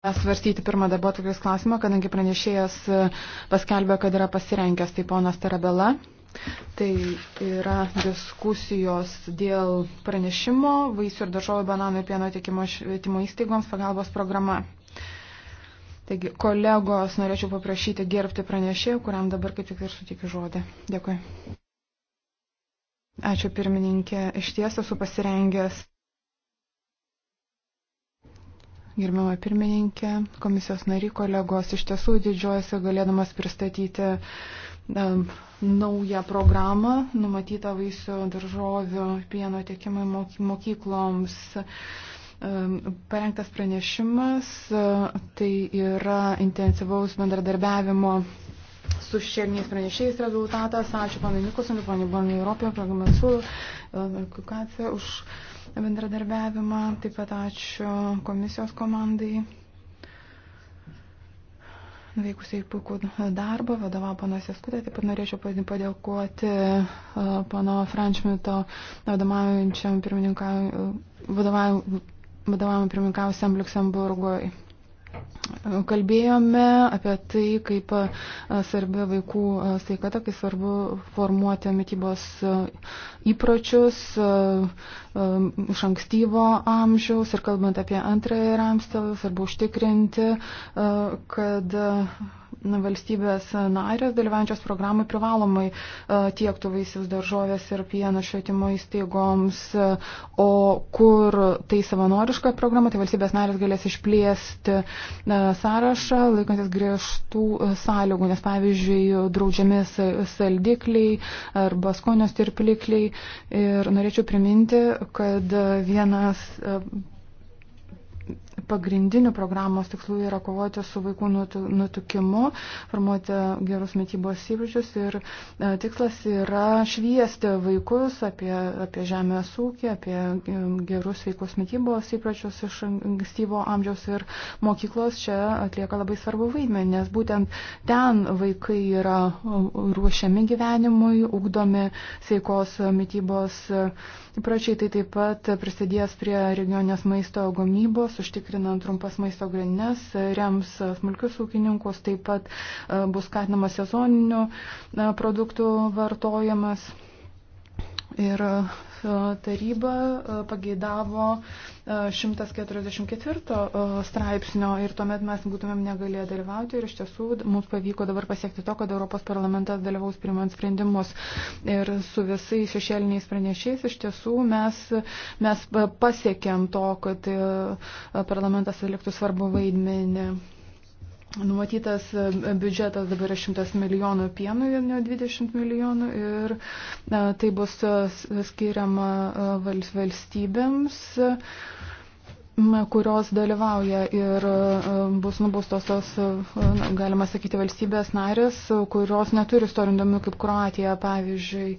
Svarstyti pirmą darbuotojus klausimą, kadangi pranešėjas e, paskelbė, kad yra pasirengęs, tai ponas Tarabela. Tai yra diskusijos dėl pranešimo vaisių ir daržovių bananų ir pieno tiekimo švietimo įstaigoms pagalbos programa. Taigi, kolegos, norėčiau paprašyti gerbti pranešėjų, kuriam dabar kaip tik ir sutikiu žodį. Dėkui. Ačiū pirmininkė. Iš ties esu pasirengęs Gerbama pirmininkė, komisijos nari kolegos, iš tiesų didžiuojasi galėdamas pristatyti um, naują programą numatytą vaisių, daržovių, pieno tiekimai mokykloms um, parengtas pranešimas, uh, tai yra intensyvaus bendradarbiavimo su šerniais pranešėjais rezultatas. Ačiū panai Nikusonui, panai Bonai Europoje, programai Sul, edukacija uh, už. Uh, bendradarbiavimą. Taip pat ačiū komisijos komandai nuveikusiai puikų darbą, vadovavo panas Jaskutė, taip pat norėčiau padėkoti e, pano Frančmito vadovaujančiam pirmininkavimui pirmininkausiam Luksemburgui. Kalbėjome apie tai, kaip svarbi vaikų sveikata, kaip svarbu formuoti mytybos įpročius iš ankstyvo amžiaus ir kalbant apie antrąjį ramstą, svarbu užtikrinti, kad valstybės narės dalyvaujančios programai privalomai e, tiektų vaisius daržovės ir pieną švietimo įstaigoms, e, o kur tai savanoriška programa, tai valstybės narės galės išplėsti e, sąrašą laikantis griežtų sąlygų, nes pavyzdžiui draudžiami saldikliai arba skonio stirplikliai. Ir norėčiau priminti, kad vienas pagrindinių programos tikslų yra kovoti su vaikų nutukimu, formuoti gerus mytybos įvaizdžius ir e, tikslas yra šviesti vaikus apie, apie žemės ūkį, apie e, gerus veikos mytybos įpročius iš ankstyvo amžiaus ir mokyklos čia atlieka labai svarbu vaidmenį, nes būtent ten vaikai yra e, ruošiami gyvenimui, ugdomi sveikos mytybos įpročiai, tai taip pat prisidės prie regionės maisto gamybos, užtikrinti užtikrinant trumpas maisto grindinės, rems smulkius ūkininkus, taip pat e, bus skatinamas sezoninių e, produktų vartojimas. Ir E, taryba e, pageidavo 144 e, straipsnio ir tuomet mes būtumėm negalėję dalyvauti ir iš tiesų mums pavyko dabar pasiekti to, kad Europos parlamentas dalyvaus primant sprendimus ir su visais šešėliniais pranešiais iš tiesų mes, mes pasiekėm to, kad parlamentas atliktų svarbu vaidmenį. Numatytas e, biudžetas dabar yra 100 milijonų pienų, ne 20 milijonų ir e, tai bus e, skiriama valstybėms kurios dalyvauja ir e, bus nubaustos tos, e, galima sakyti, valstybės narės, kurios neturi istorinių domių kaip Kroatija, pavyzdžiui,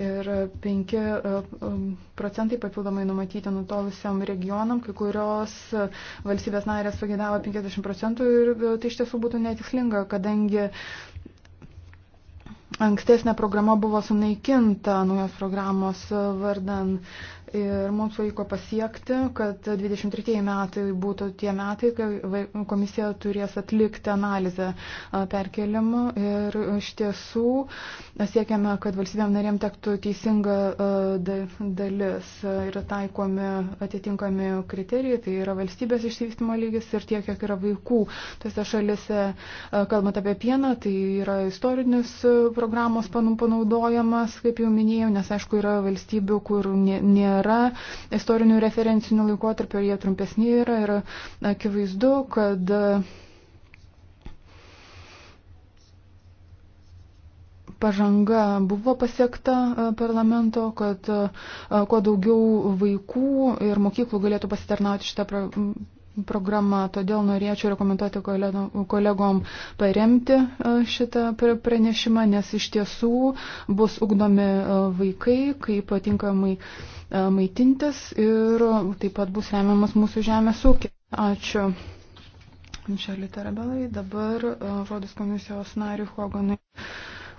ir 5 e, procentai papildomai numatyti nutolusiam regionam, kai kurios valstybės narės pagėdavo 50 procentų ir tai iš tiesų būtų netikslinga, kadangi ankstesnė programa buvo sunaikinta naujos programos vardan. Ir mums pavyko pasiekti, kad 23 metai būtų tie metai, kai komisija turės atlikti analizę perkelimų. Ir iš tiesų siekiame, kad valstybėm narėm tektų teisinga dalis. Yra taikomi atitinkami kriterijai, tai yra valstybės išsivystimo lygis ir tiek, kiek yra vaikų. Tose šalise, kalbant apie pieną, tai yra istorinis programos panaudojamas, kaip jau minėjau, nes aišku yra valstybių, kur nėra nėra istorinių referencinių laikotarpių, jie trumpesni yra ir akivaizdu, kad pažanga buvo pasiekta e, parlamento, kad e, kuo daugiau vaikų ir mokyklų galėtų pasitarnauti šitą programą, todėl norėčiau rekomenduoti kolegom paremti e, šitą pranešimą, nes iš tiesų bus ugdomi e, vaikai, kaip patinkamai e, maitintis ir taip pat bus remiamas mūsų žemės ūkis. Ačiū. Mišelį Tarabelai, dabar žodis komisijos nariui Hoganui.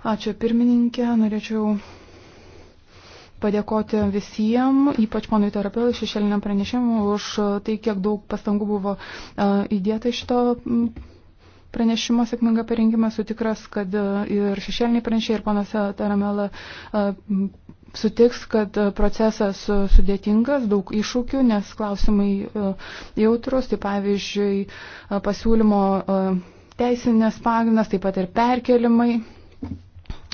Ačiū pirmininkė, norėčiau padėkoti visiems, ypač ponui terapijai, šešėliniam pranešimui, už tai, kiek daug pastangų buvo įdėta iš to pranešimo sėkmingą parengimą. Esu tikras, kad ir šešėliniai pranešiai, ir ponas Taramela sutiks, kad procesas sudėtingas, daug iššūkių, nes klausimai jautrus, tai pavyzdžiui pasiūlymo teisinės pagrindas, taip pat ir perkelimai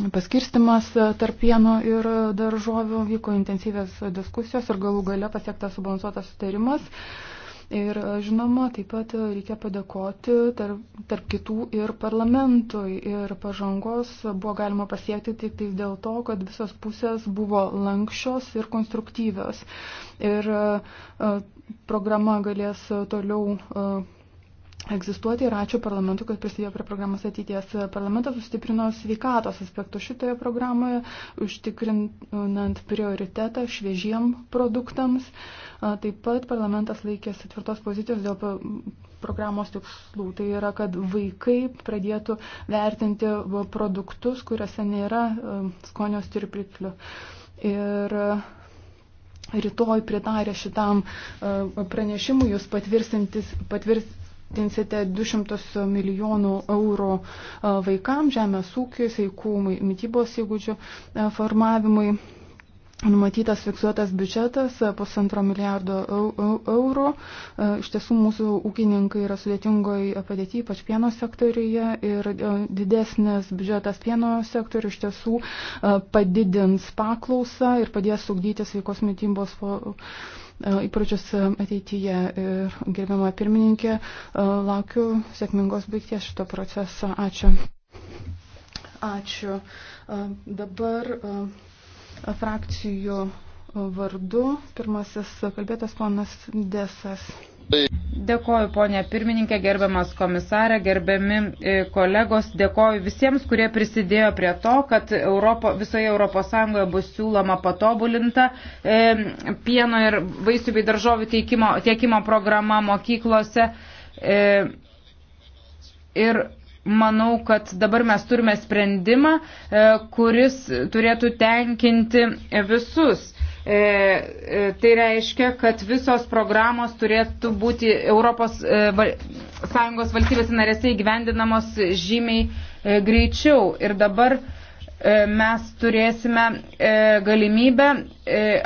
paskirstimas e, tarp pieno ir daržovių, vyko intensyvės diskusijos ir galų gale pasiektas subalansuotas sutarimas. Ir e, žinoma, taip pat e, reikia padėkoti tarp, tarp kitų ir parlamentui. Ir pažangos buvo galima pasiekti tik tai dėl to, kad visos pusės buvo lankščios ir konstruktyvios. Ir programa galės toliau egzistuoti ir ačiū parlamentui, kad prisidėjo prie programos ateities. Parlamentas sustiprino sveikatos aspektų šitoje programoje, užtikrinant prioritetą šviežiem produktams. Taip pat parlamentas laikėsi tvirtos pozicijos dėl programos tikslų. Tai yra, kad vaikai pradėtų vertinti produktus, kuriuose nėra skonio stirpiklių. Ir rytoj pritarę šitam pranešimui jūs patvirtinsit tinsite 200 milijonų eurų vaikams, žemės ūkiui, sveikų mytybos įgūdžių formavimui. Numatytas fiksuotas biudžetas pusantro milijardo eurų. Iš tiesų mūsų ūkininkai yra sudėtingoje padėtyje, ypač pieno sektoriuje. Ir didesnis biudžetas pieno sektoriuje iš tiesų padidins paklausą ir padės sugdyti sveikos mytybos E, įpročius ateityje. Ir gerbiama pirmininkė, e, laukiu sėkmingos baigties šito proceso. Ačiū. Ačiū. E, dabar frakcijų vardu pirmasis kalbėtas ponas Desas. Dėkoju, ponė pirmininkė, gerbiamas komisarė, gerbiami e, kolegos, dėkoju visiems, kurie prisidėjo prie to, kad Europo, visoje ES bus siūloma patobulinta e, pieno ir vaisių bei daržovių teikimo, tiekimo programa mokyklose. E, ir manau, kad dabar mes turime sprendimą, e, kuris turėtų tenkinti visus E, e, tai reiškia, kad visos programos turėtų būti Europos e, Sąjungos valstybės narėse įgyvendinamos žymiai greičiau. Ir dabar mes turėsime galimybę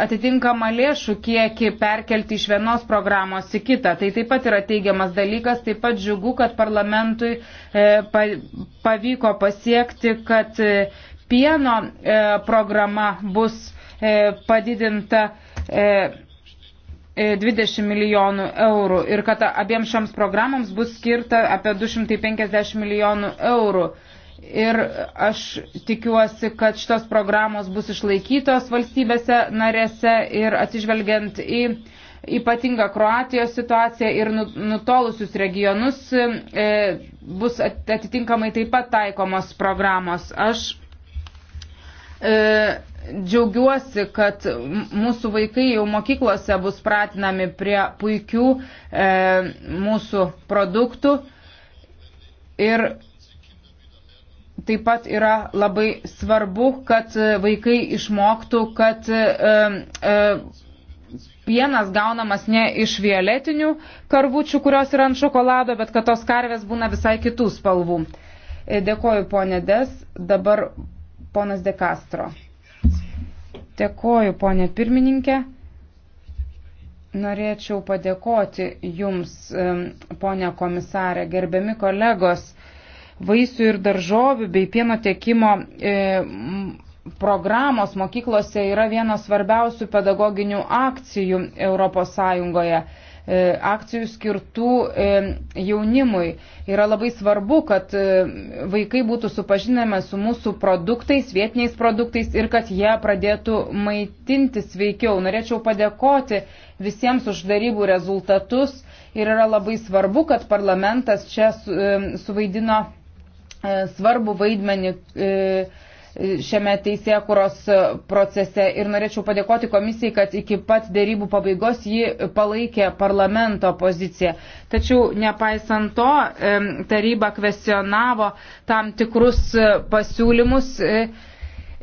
atitinkamą lėšų kiekį perkelti iš vienos programos į kitą. Tai taip pat yra teigiamas dalykas, taip pat džiugu, kad parlamentui pavyko pasiekti, kad pieno programa bus E, padidinta 20 e, e, milijonų eurų ir kad abiems šioms programoms bus skirta apie 250 milijonų eurų. Ir aš tikiuosi, kad šitos programos bus išlaikytos valstybėse narėse ir atsižvelgiant į ypatingą Kroatijos situaciją ir nu, nutolusius regionus e, bus atitinkamai taip pat taikomos programos. Aš e, džiaugiuosi, kad mūsų vaikai jau mokyklose bus pratinami prie puikių e, mūsų produktų. Ir taip pat yra labai svarbu, kad e, vaikai išmoktų, kad e, e, pienas gaunamas ne iš violetinių karvučių, kurios yra ant šokolado, bet kad tos karvės būna visai kitų spalvų. E, dėkoju, ponė Des. Dabar ponas De Castro. Dėkoju, ponė pirmininkė. Norėčiau padėkoti Jums, ponė komisarė, gerbiami kolegos, vaisių ir daržovių bei pieno tiekimo e, programos mokyklose yra vienas svarbiausių pedagoginių akcijų Europos Sąjungoje. E, akcijų skirtų e, jaunimui. Yra labai svarbu, kad e, vaikai būtų supažinami su mūsų produktais, vietiniais produktais ir kad jie pradėtų maitinti sveikiau. Norėčiau padėkoti visiems už darybų rezultatus ir yra labai svarbu, kad parlamentas čia suvaidino svarbu vaidmenį. E, šiame teisėkuros procese ir norėčiau padėkoti komisijai, kad iki pat dėrybų pabaigos ji palaikė parlamento poziciją. Tačiau nepaisant to, taryba kvestionavo tam tikrus pasiūlymus, e,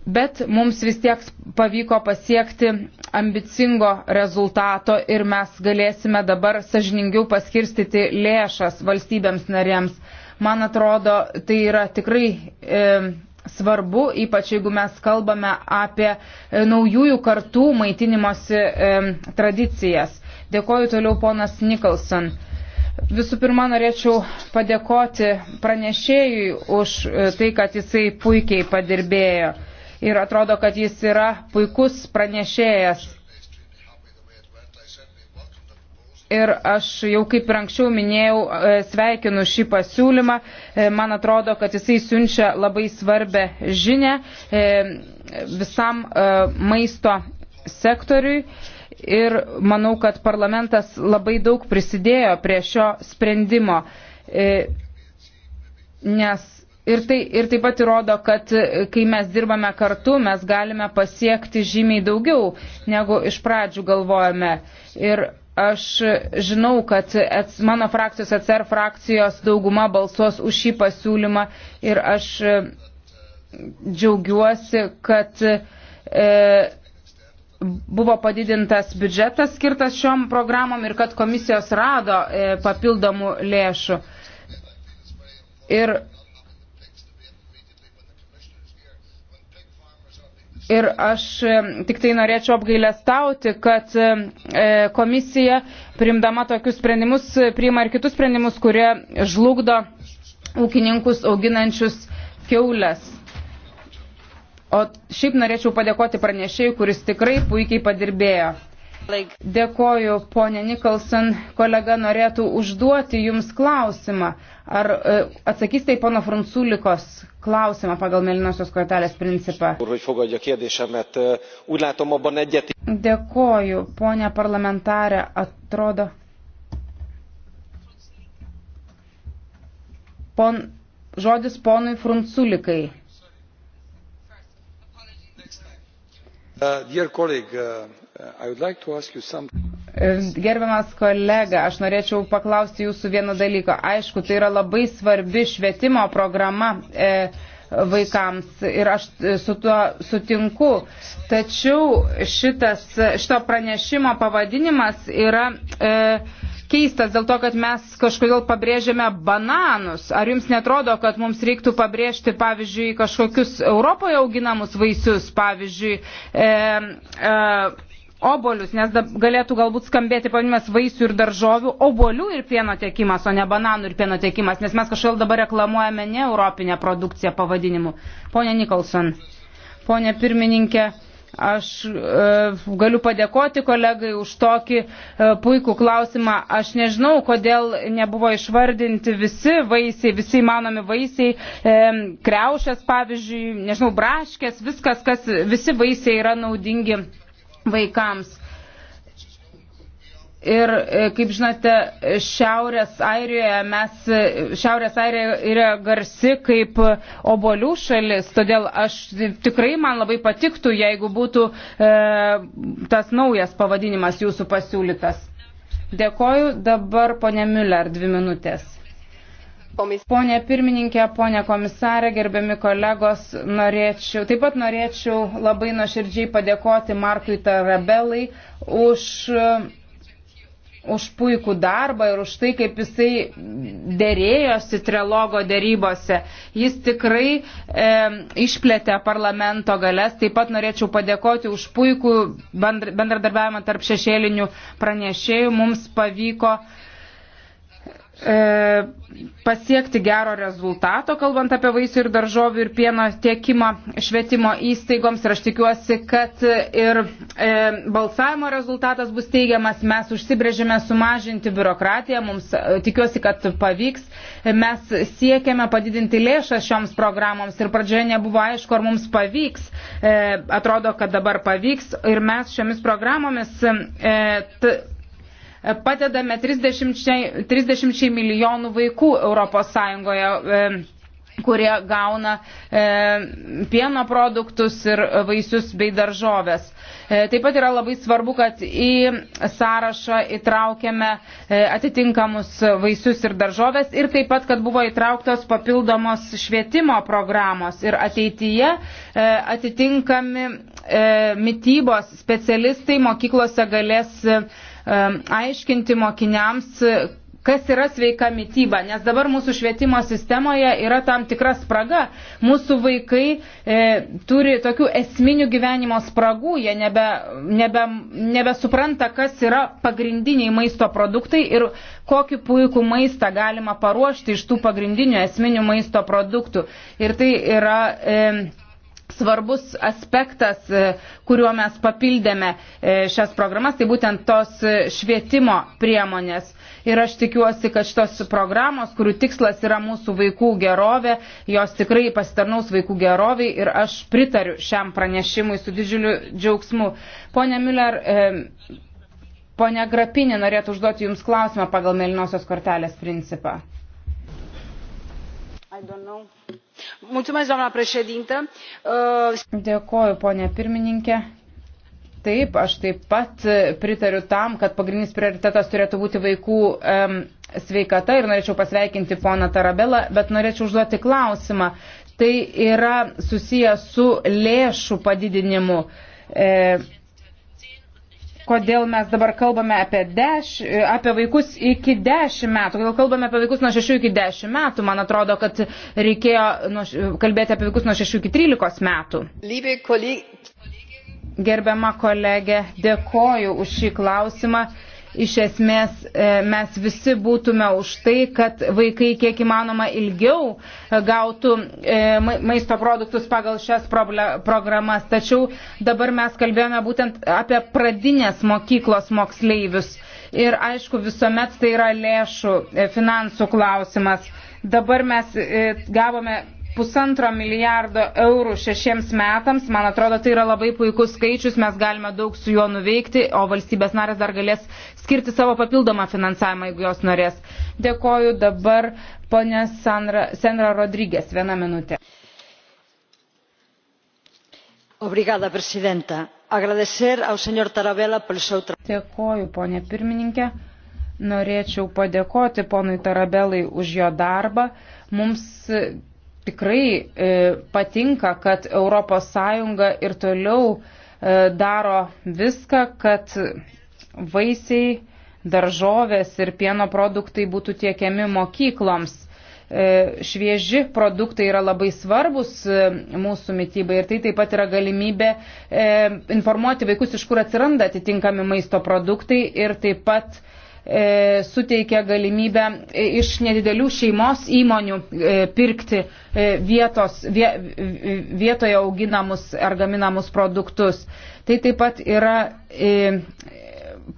bet mums vis tiek pavyko pasiekti ambicingo rezultato ir mes galėsime dabar sažiningiau paskirstyti lėšas valstybėms narėms. Man atrodo, tai yra tikrai. E, svarbu, ypač jeigu mes kalbame apie e, naujųjų kartų maitinimosi e, tradicijas. Dėkoju toliau ponas Nikolson. Visų pirma, norėčiau padėkoti pranešėjui už e, tai, kad jisai puikiai padirbėjo. Ir atrodo, kad jis yra puikus pranešėjas ir aš jau kaip ir anksčiau minėjau, e, sveikinu šį pasiūlymą. E, man atrodo, kad jisai siunčia labai svarbę žinę e, visam maisto sektoriui. Ir manau, kad parlamentas labai daug prisidėjo prie šio sprendimo. Nes Ir tai, ir taip pat įrodo, kad kai mes dirbame kartu, mes galime pasiekti žymiai daugiau, negu iš pradžių galvojame. Ir Aš žinau, kad mano frakcijos atsar frakcijos dauguma balsuos už šį pasiūlymą ir aš e, džiaugiuosi, kad e, buvo padidintas biudžetas skirtas šiom programom ir kad komisijos rado e, papildomų lėšų. Ir Ir aš e, tik tai norėčiau apgailestauti, kad e, e, komisija, primdama tokius sprendimus, priima ir kitus sprendimus, kurie žlugdo ūkininkus auginančius keulės. O šiaip norėčiau padėkoti pranešėjui, kuris tikrai puikiai padirbėjo. Dėkoju, ponė Nikolson. Kolega norėtų užduoti Jums klausimą. Ar e, atsakysite tai į pono Frunculikos klausimą pagal Melinosios kortelės principą? E, Dėkoju, ponė parlamentarė. Atrodo. Pon, žodis ponui Frunculikai. Uh, colleague, uh, like some... Gerbiamas kolega, aš norėčiau paklausti jūsų vieno dalyko. Aišku, tai yra labai svarbi švietimo programa e, vaikams ir aš e, su tuo sutinku. Tačiau šitas, šito pranešimo pavadinimas yra. E, keistas dėl to, kad mes kažkodėl pabrėžiame bananus. Ar jums netrodo, kad mums reiktų pabrėžti, pavyzdžiui, kažkokius Europoje auginamus vaisius, pavyzdžiui, e, e, obolius, nes galėtų galbūt skambėti pavadinimas vaisių ir daržovių, obolių ir pieno tiekimas, o ne bananų ir pieno tiekimas, nes mes kažkaip dabar reklamuojame ne europinę produkciją pavadinimu. Pone Nikolson, pone pirmininkė. Aš e, galiu padėkoti kolegai už tokį e, puikų klausimą. Aš nežinau, kodėl nebuvo išvardinti visi vaisiai, visi įmanomi vaisiai, e, kreušės, pavyzdžiui, nežinau, braškės, viskas, kas, visi vaisiai yra naudingi vaikams. Ir, e, kaip žinote, Šiaurės Airijoje mes, e, Šiaurės Airija yra garsi kaip obolių šalis, todėl aš tikrai man labai patiktų, jeigu būtų e, tas naujas pavadinimas jūsų pasiūlytas. Dėkoju, dabar ponė Müller, dvi minutės. Pone pirmininkė, pone komisarė, gerbiami kolegos, norėčiau, taip pat norėčiau labai nuoširdžiai padėkoti Markui Tarabelai už. E, už puikų darbą ir už tai, kaip jisai dėrėjosi trilogo dėrybose. Jis tikrai e, išplėtė parlamento galės. Taip pat norėčiau padėkoti už puikų bendradarbiavimą tarp šešėlinių pranešėjų. Mums pavyko e, E, pasiekti gero rezultato, kalbant apie vaisių ir daržovių ir pieno tiekimą švietimo įstaigoms. Ir aš tikiuosi, kad ir e, balsavimo rezultatas bus teigiamas. Mes užsibrėžėme sumažinti biurokratiją, mums e, tikiuosi, kad pavyks. Mes siekiame padidinti lėšas šioms programoms ir pradžioje nebuvo aišku, ar mums pavyks. E, atrodo, kad dabar pavyks ir mes šiomis programomis. E, t, padedame 30, 30 milijonų vaikų Europos Sąjungoje e, kurie gauna e, pieno produktus ir vaisius bei daržovės. E, taip pat yra labai svarbu, kad į sąrašą įtraukiame e, atitinkamus vaisius ir daržovės ir taip pat, kad buvo įtrauktos papildomos švietimo programos ir ateityje e, atitinkami e, mytybos specialistai mokyklose galės e, Um, aiškinti mokiniams, kas yra sveika mytyba, nes dabar mūsų švietimo sistemoje yra tam tikra spraga. Mūsų vaikai e, turi tokių esminių gyvenimo spragų, jie nebe, nebe, nebesupranta, kas yra pagrindiniai maisto produktai ir kokį puikų maistą galima paruošti iš tų pagrindinių esminių maisto produktų. Ir tai yra. E, svarbus aspektas, e, kuriuo mes papildėme e, šias programas, tai būtent tos e, švietimo priemonės. Ir aš tikiuosi, kad šitos programos, kurių tikslas yra mūsų vaikų gerovė, jos tikrai pasitarnaus vaikų geroviai ir aš pritariu šiam pranešimui su didžiuliu džiaugsmu. Pone Miller, pone Grapinė norėtų užduoti Jums klausimą pagal mėlynosios kortelės principą. I don't know doamnă președintă. Uh, Dėkoju, ponė pirmininkė. Taip, aš taip pat e, pritariu tam, kad pagrindinis prioritetas turėtų būti vaikų um, sveikata ir norėčiau pasveikinti poną Tarabelą, bet norėčiau užduoti klausimą. Tai yra susijęs su lėšų padidinimu. E, kodėl mes dabar kalbame apie, deš, apie vaikus iki 10 metų, kodėl kalbame apie vaikus nuo 6 iki 10 metų, man atrodo, kad reikėjo nuo, kalbėti apie vaikus nuo 6 iki 13 metų. Gerbiama kolegė, dėkoju už šį klausimą iš esmės e, mes visi būtume už tai, kad vaikai kiek įmanoma ilgiau e, gautų e, maisto produktus pagal šias programas. Tačiau dabar mes kalbėjome būtent apie pradinės mokyklos moksleivius. Ir aišku, visuomet tai yra lėšų, finansų klausimas. Dabar mes gavome pusantro milijardo eurų šešiems metams. Man atrodo, tai yra labai puikus skaičius, mes galime daug su juo nuveikti, o valstybės narės dar galės skirti savo papildomą finansavimą, jeigu jos norės. Dėkoju dabar ponė Sandra, Sandra Rodrygės. Vieną minutę. Obrigada, presidenta. Agradecer ao senhor Tarabella por seu trabalho. Dėkoju, ponė pirmininkė. Norėčiau padėkoti ponui Tarabelai už jo darbą. Mums e, tikrai e, patinka, kad ES ir toliau e, daro viską, kad vaisiai daržovės ir pieno produktai būtų tiekiami mokykloms. E, švieži produktai yra labai svarbus e, mūsų mytybai ir tai taip pat yra galimybė e, informuoti vaikus, iš kur atsiranda atitinkami maisto produktai ir taip pat suteikia galimybę iš nedidelių šeimos įmonių pirkti vietos, vietoje auginamus ar gaminamus produktus. Tai taip pat yra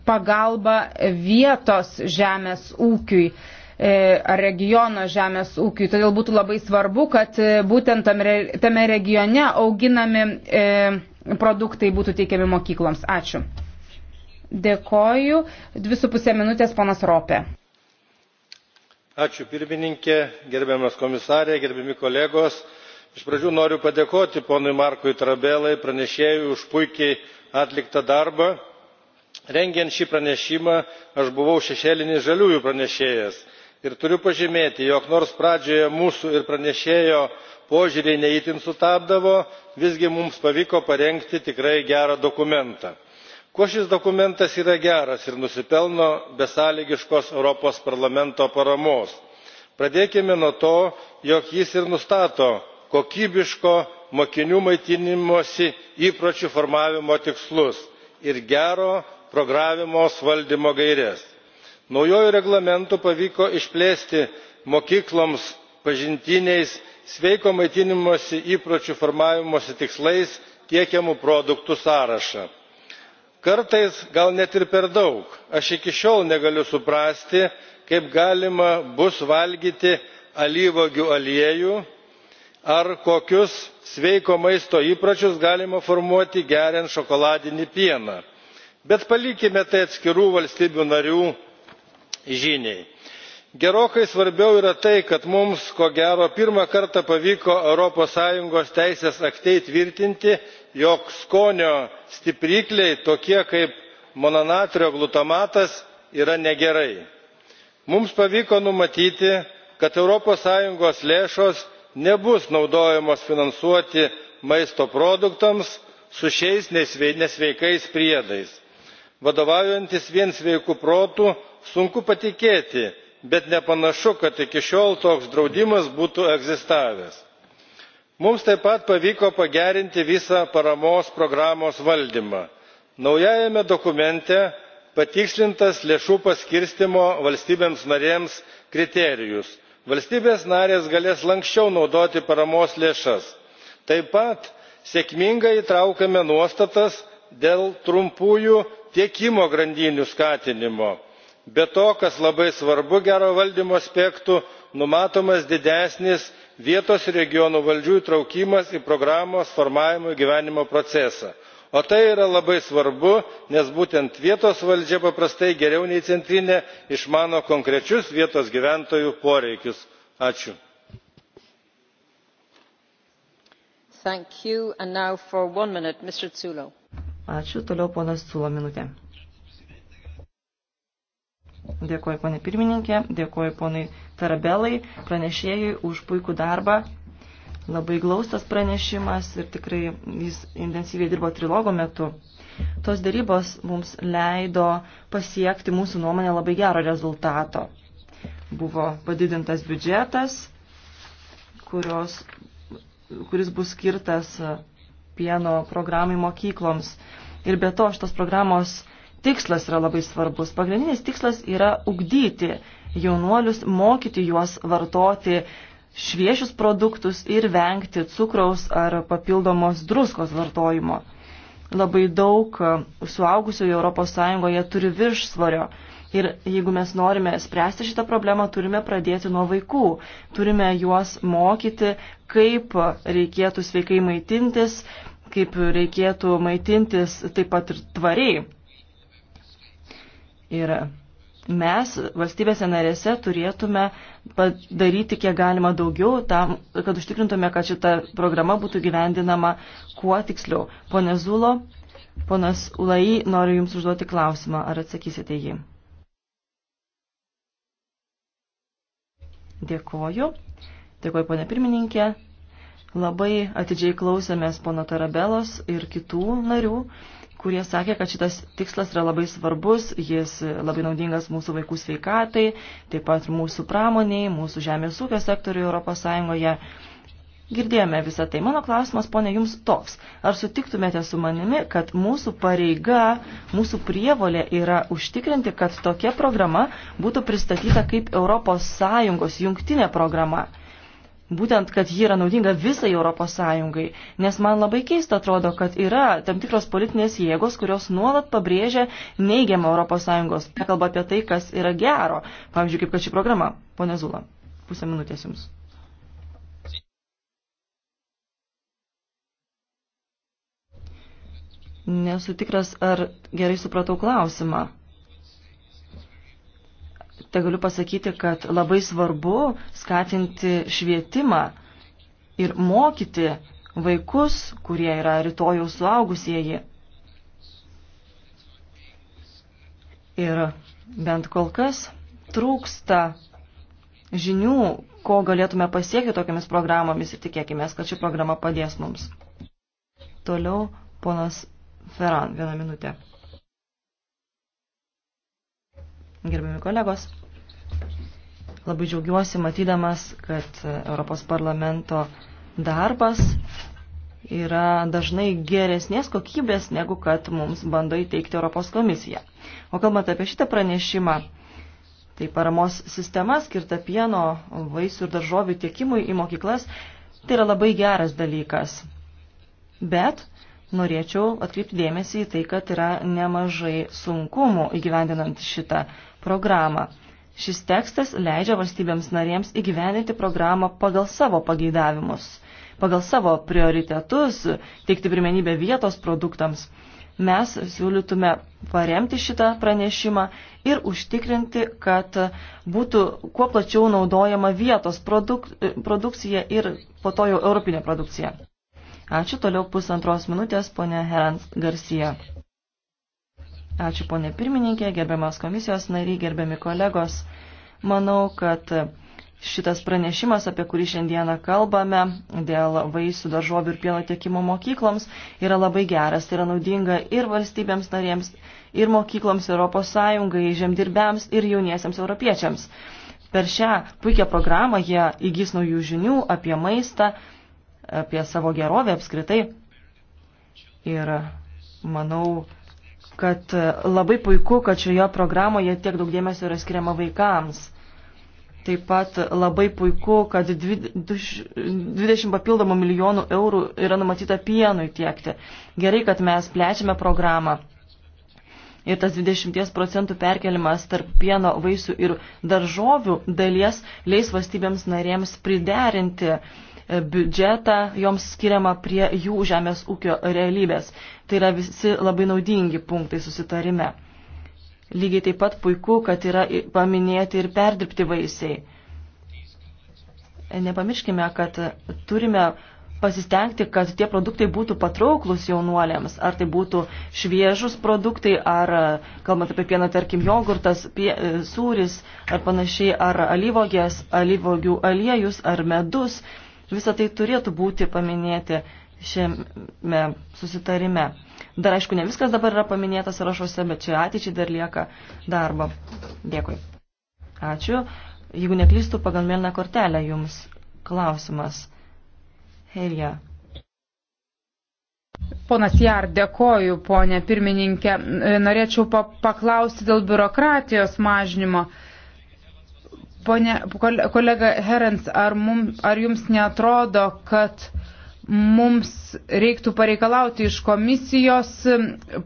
pagalba vietos žemės ūkiui ar e, regiono žemės ūkiui. Todėl būtų labai svarbu, kad e, būtent tame regione auginami e, produktai būtų teikiami mokykloms. Ačiū. Dėkoju. Dvi su pusė minutės, ponas Ropė. Ačiū pirmininkė, gerbiamas komisarė, gerbiami kolegos. Iš pradžių noriu padėkoti ponui Markui Trabelai, pranešėjui, už puikiai atliktą darbą rengiant šį pranešimą aš buvau šešėlinis žaliųjų pranešėjas ir turiu pažymėti jog nors pradžioje mūsų ir pranešėjo požiūriai ne itin sutapdavo visgi mums pavyko parengti tikrai gerą dokumentą. kuo šis dokumentas yra geras ir nusipelno besąlygiškos europos parlamento paramos? pradėkime nuo to jog jis ir nustato kokybiško mokinių maitinimosi įpročių formavimo tikslus ir gero programos valdymo gaires. naujuoju reglamentu pavyko išplėsti mokykloms pažintiniais sveiko maitinimosi įpročių formavimosi tikslais tiekiamų produktų sąrašą. kartais gal net ir per daug aš iki šiol negaliu suprasti kaip galima bus valgyti alyvuogių aliejų ar kokius sveiko maisto įpročius galima formuoti geriant šokoladinį pieną bet palikime tai atskirų valstybių narių žiniai. gerokai svarbiau yra tai kad mums ko gero pirmą kartą pavyko europos sąjungos teisės akte įtvirtinti jog skonio stiprikliai tokie kaip mononatrio glutamatas yra negerai. mums pavyko numatyti kad europos sąjungos lėšos nebus naudojamos finansuoti maisto produktams su šiais nesveikais priedais vadovaujantis vien sveiku protu sunku patikėti bet nepanašu kad iki šiol toks draudimas būtų egzistavęs. mums taip pat pavyko pagerinti visą paramos programos valdymą. naujajame dokumente patikslintas lėšų paskirstymo valstybėms narėms kriterijus valstybės narės galės lanksčiau naudoti paramos lėšas. taip pat sėkmingai įtraukėme nuostatas dėl trumpųjų tiekimo grandinių skatinimo. be to kas labai svarbu gero valdymo aspektu numatomas didesnis vietos ir regionų valdžių įtraukimas į programos formavimo įgyvendinimo procesą o tai yra labai svarbu nes būtent vietos valdžia paprastai geriau nei centrinė išmano konkrečius vietos gyventojų poreikius. Ačiū. Toliau ponas Sulo minutė. Dėkuoju ponė pirmininkė, dėkuoju ponai Tarabelai, pranešėjai už puikų darbą. Labai glaustas pranešimas ir tikrai jis intensyviai dirbo trilogo metu. Tos dėrybos mums leido pasiekti mūsų nuomonę labai gero rezultato. Buvo padidintas biudžetas, kurios, kuris bus skirtas pieno programai mokykloms. Ir be to šitos programos tikslas yra labai svarbus. Pagrindinis tikslas yra ugdyti jaunuolius, mokyti juos vartoti šviešius produktus ir vengti cukraus ar papildomos druskos vartojimo. Labai daug suaugusiųjų ES turi viršsvorio Ir jeigu mes norime spręsti šitą problemą, turime pradėti nuo vaikų. Turime juos mokyti, kaip reikėtų sveikai maitintis, kaip reikėtų maitintis taip pat ir tvariai. Ir mes valstybėse narėse turėtume padaryti kiek galima daugiau tam, kad užtikrintume, kad šita programa būtų gyvendinama kuo tiksliau. Pone Zulo, ponas Ulai, noriu Jums užduoti klausimą, ar atsakysite jį. Dėkoju. Dėkoju, ponė pirmininkė. Labai atidžiai klausėmės pono Tarabelos ir kitų narių, kurie sakė, kad šitas tikslas yra labai svarbus, jis labai naudingas mūsų vaikų sveikatai, taip pat mūsų pramoniai, mūsų žemės ūkio sektoriui ES Girdėjome visą tai. Mano klausimas, ponė, jums toks. Ar sutiktumėte su manimi, kad mūsų pareiga, mūsų prievolė yra užtikrinti, kad tokia programa būtų pristatyta kaip ES jungtinė programa? Būtent, kad ji yra naudinga visai ES, nes man labai keista atrodo, kad yra tam tikros politinės jėgos, kurios nuolat pabrėžia neigiamą ES, kalba apie tai, kas yra gero, pavyzdžiui, kaip kad ši programa. Pone Zula, pusę minutės jums. Nesu tikras, ar gerai supratau klausimą. Tai galiu pasakyti, kad labai svarbu skatinti švietimą ir mokyti vaikus, kurie yra rytojaus suaugusieji. Ir bent kol kas trūksta žinių, ko galėtume pasiekti tokiamis programomis ir tikėkime, kad ši programa padės mums. Toliau ponas Ferran, vieną minutę. Gerbiami kolegos, labai džiaugiuosi matydamas, kad Europos parlamento darbas yra dažnai geresnės kokybės, negu kad mums bando įteikti Europos komisija. O kalbant apie šitą pranešimą, tai paramos sistema skirta pieno, vaisių ir daržovių tiekimui į mokyklas, tai yra labai geras dalykas. Bet norėčiau atkreipti dėmesį į tai, kad yra nemažai sunkumų įgyvendinant šitą programą. Šis tekstas leidžia valstybėms narėms įgyvendinti programą pagal savo pageidavimus, pagal savo prioritetus, teikti pirmenybę vietos produktams. Mes siūlytume paremti šitą pranešimą ir užtikrinti, kad būtų kuo plačiau naudojama vietos produk produkcija ir po to jau europinė produkcija. Ačiū toliau pusantros minutės, ponė Herans Garcia. Ačiū ponė pirmininkė, gerbiamas komisijos nariai, gerbiami kolegos. Manau, kad šitas pranešimas, apie kurį šiandieną kalbame, dėl vaisių, daržovių ir pieno tiekimo mokykloms, yra labai geras, tai yra naudinga ir valstybėms narėms, ir mokykloms Europos Sąjungai, žemdirbiams ir jauniesiams europiečiams. Per šią puikią programą jie įgys naujų žinių apie maistą, apie savo gerovę apskritai. Ir manau, kad labai puiku, kad šioje programoje tiek daug dėmesio yra skiriama vaikams. Taip pat labai puiku, kad 20 papildomų milijonų eurų yra numatyta pienui tiekti. Gerai, kad mes plečiame programą. Ir tas 20 procentų perkelimas tarp pieno, vaisių ir daržovių dalies leis valstybėms narėms priderinti uh, biudžetą joms skiriamą prie jų žemės ūkio realybės. Tai yra visi labai naudingi punktai susitarime. Lygiai taip pat puiku, kad yra paminėti ir perdirbti vaisiai. Nepamirškime, kad turime pasistengti, kad tie produktai būtų patrauklus jaunuolėms, ar tai būtų šviežus produktai, ar, kalbant apie pieną, tarkim, jogurtas, pie, e, sūris, ar panašiai, ar alyvogės, alyvogių aliejus, ar medus. Ir visą tai turėtų būti paminėti šiame susitarime. Dar aišku, ne viskas dabar yra paminėta sąrašuose, bet čia ateičiai dar lieka darbo. Dėkui. Ačiū. Jeigu neklystų, pagal mėlyną kortelę jums klausimas. Helija. Ponas Jar, dėkoju, ponė pirmininkė. Norėčiau paklausti dėl biurokratijos mažnymo. Pone, kolega Herens, ar, mum, ar jums netrodo, kad mums reiktų pareikalauti iš komisijos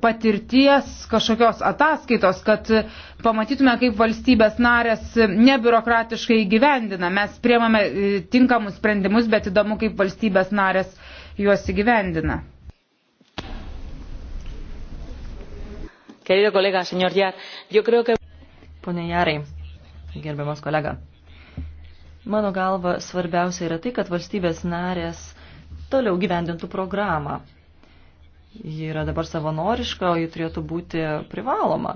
patirties kažkokios ataskaitos, kad pamatytume, kaip valstybės narės nebiurokratiškai gyvendina. Mes priemame e, tinkamus sprendimus, bet įdomu, kaip valstybės narės juos įgyvendina. Querido colega, señor Yar, yo creo que... Pone Jarai, gerbiamas kolega. Mano galva svarbiausia yra tai, kad valstybės narės toliau gyvendintų programą. Ji yra dabar savanoriška, o ji turėtų būti privaloma.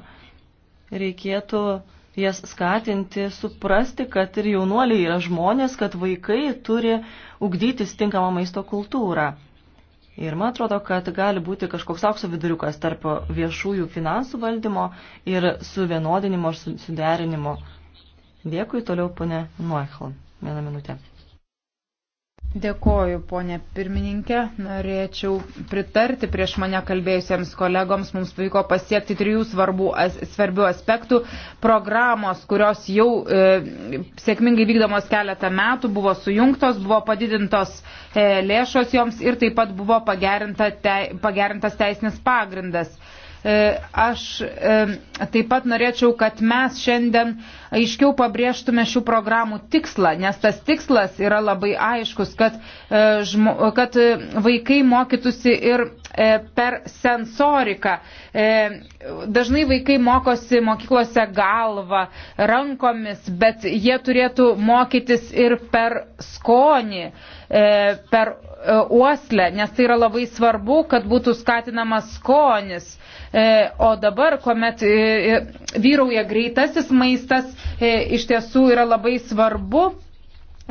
Reikėtų jas skatinti, suprasti, kad ir jaunuoliai yra žmonės, kad vaikai turi ugdytis tinkamą maisto kultūrą. Ir man atrodo, kad gali būti kažkoks aukso viduriukas tarp viešųjų finansų valdymo ir suvienodinimo ar suderinimo Dėkui toliau, ponė Noichel. Vieną minutę. Dėkoju, ponė pirmininkė. Norėčiau pritarti prieš mane kalbėjusiems kolegoms. Mums pavyko pasiekti trijų svarbų, svarbių aspektų. Programos, kurios jau e, sėkmingai vykdomos keletą metų, buvo sujungtos, buvo padidintos e, lėšos joms ir taip pat buvo te, pagerintas teisinis pagrindas. E, E, aš e, taip pat norėčiau, kad mes šiandien aiškiau pabrėžtume šių programų tikslą, nes tas tikslas yra labai aiškus, kad, e, kad vaikai mokytųsi ir E, per sensoriką. E, dažnai vaikai mokosi mokyklose galva, rankomis, bet jie turėtų mokytis ir per skonį, e, per uoslę, nes tai yra labai svarbu, kad būtų skatinamas skonis. O dabar, kuomet vyrauja greitasis maistas, iš tiesų yra labai svarbu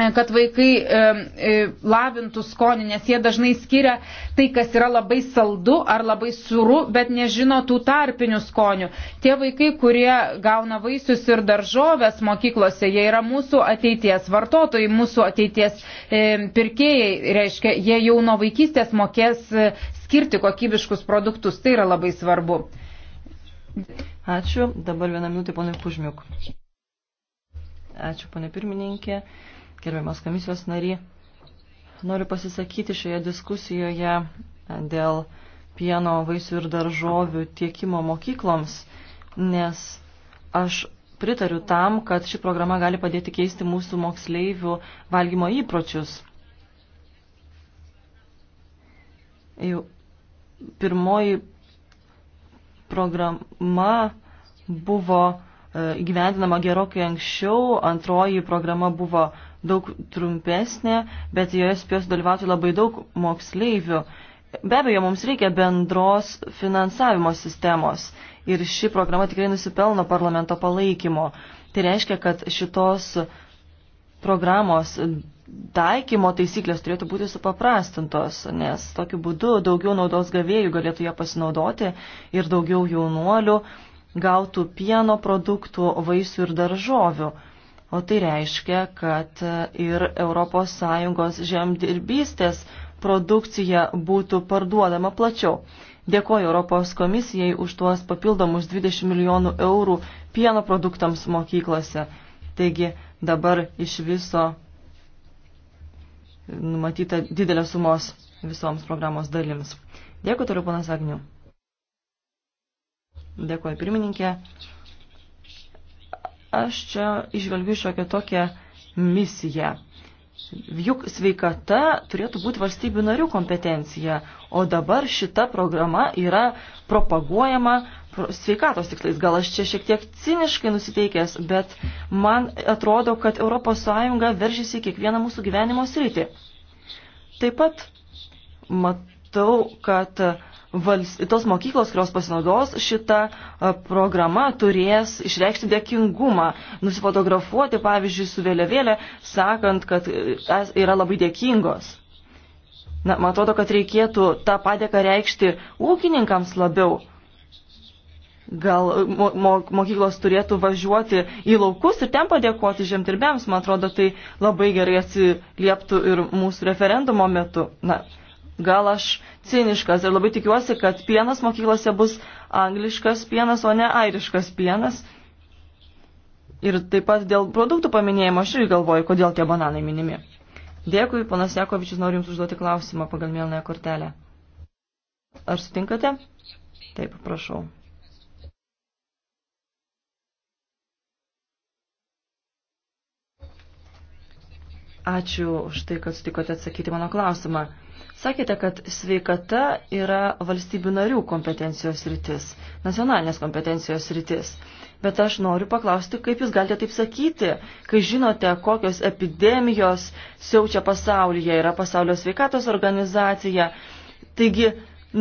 E, kad vaikai e, e, lavintų skonį, nes jie dažnai skiria tai, kas yra labai saldu ar labai suru, bet nežino tų tarpinių skonių. Tie vaikai, kurie gauna vaisius ir daržovės mokyklose, jie yra mūsų ateities vartotojai, mūsų ateities e, pirkėjai, reiškia, jie jau nuo vaikystės mokės e, skirti kokybiškus produktus, tai yra labai svarbu. Ačiū, dabar vieną minutę ponui Pužmiuk. Ačiū, ponė pirmininkė gerbiamas komisijos nary. Noriu pasisakyti šioje diskusijoje dėl pieno, vaisių ir daržovių tiekimo mokykloms, nes aš pritariu tam, kad ši programa gali padėti keisti mūsų moksleivių valgymo įpročius. Jau pirmoji programa buvo e, įgyvendinama gerokai anksčiau, antroji programa buvo daug trumpesnė, bet joje spės dalyvauti labai daug moksleivių. Be abejo, mums reikia bendros finansavimo sistemos ir ši programa tikrai nusipelno parlamento palaikymo. Tai reiškia, kad šitos programos taikymo taisyklės turėtų būti supaprastintos, nes tokiu būdu daugiau naudos gavėjų galėtų ją pasinaudoti ir daugiau jaunuolių gautų pieno produktų, vaisių ir daržovių. O tai reiškia, kad ir ES žemdirbystės produkcija būtų parduodama plačiau. Dėkoju Europos komisijai už tuos papildomus 20 milijonų eurų pieno produktams mokyklose. Taigi dabar iš viso numatyta didelė sumos visoms programos dalims. Dėkui toliau, panas Agniu. Dėkuoju pirmininkė aš čia išvelgiu šiokią tokią misiją. Juk sveikata turėtų būti valstybių narių kompetencija, o dabar šita programa yra propaguojama sveikatos tikslais. Gal aš čia šiek tiek ciniškai nusiteikęs, bet man atrodo, kad ES veržysi kiekvieną mūsų gyvenimo sritį. Taip pat matau, kad vals, tos mokyklos, kurios pasinaudos šitą programą, turės išreikšti dėkingumą, nusifotografuoti, pavyzdžiui, su vėliavėlė, sakant, kad e, yra labai dėkingos. Na, man atrodo, kad reikėtų tą padėką reikšti ūkininkams labiau. Gal e, mokyklos turėtų važiuoti į laukus ir ten padėkoti žemdirbėms, man atrodo, tai labai gerai atsilieptų ir mūsų referendumo metu. Na, gal aš ciniškas ir labai tikiuosi, kad pienas mokyklose bus angliškas pienas, o ne airiškas pienas. Ir taip pat dėl produktų paminėjimo aš irgi galvoju, kodėl tie bananai minimi. Dėkui, panas Jakovičius, noriu Jums užduoti klausimą pagal mėlynąją kortelę. Ar sutinkate? Taip, prašau. Ačiū už tai, kad sutikote atsakyti mano klausimą. Sakėte, kad sveikata yra valstybių narių kompetencijos rytis, nacionalinės kompetencijos rytis. Bet aš noriu paklausti, kaip jūs galite taip sakyti, kai žinote, kokios epidemijos siaučia pasaulyje, yra pasaulio sveikatos organizacija. Taigi,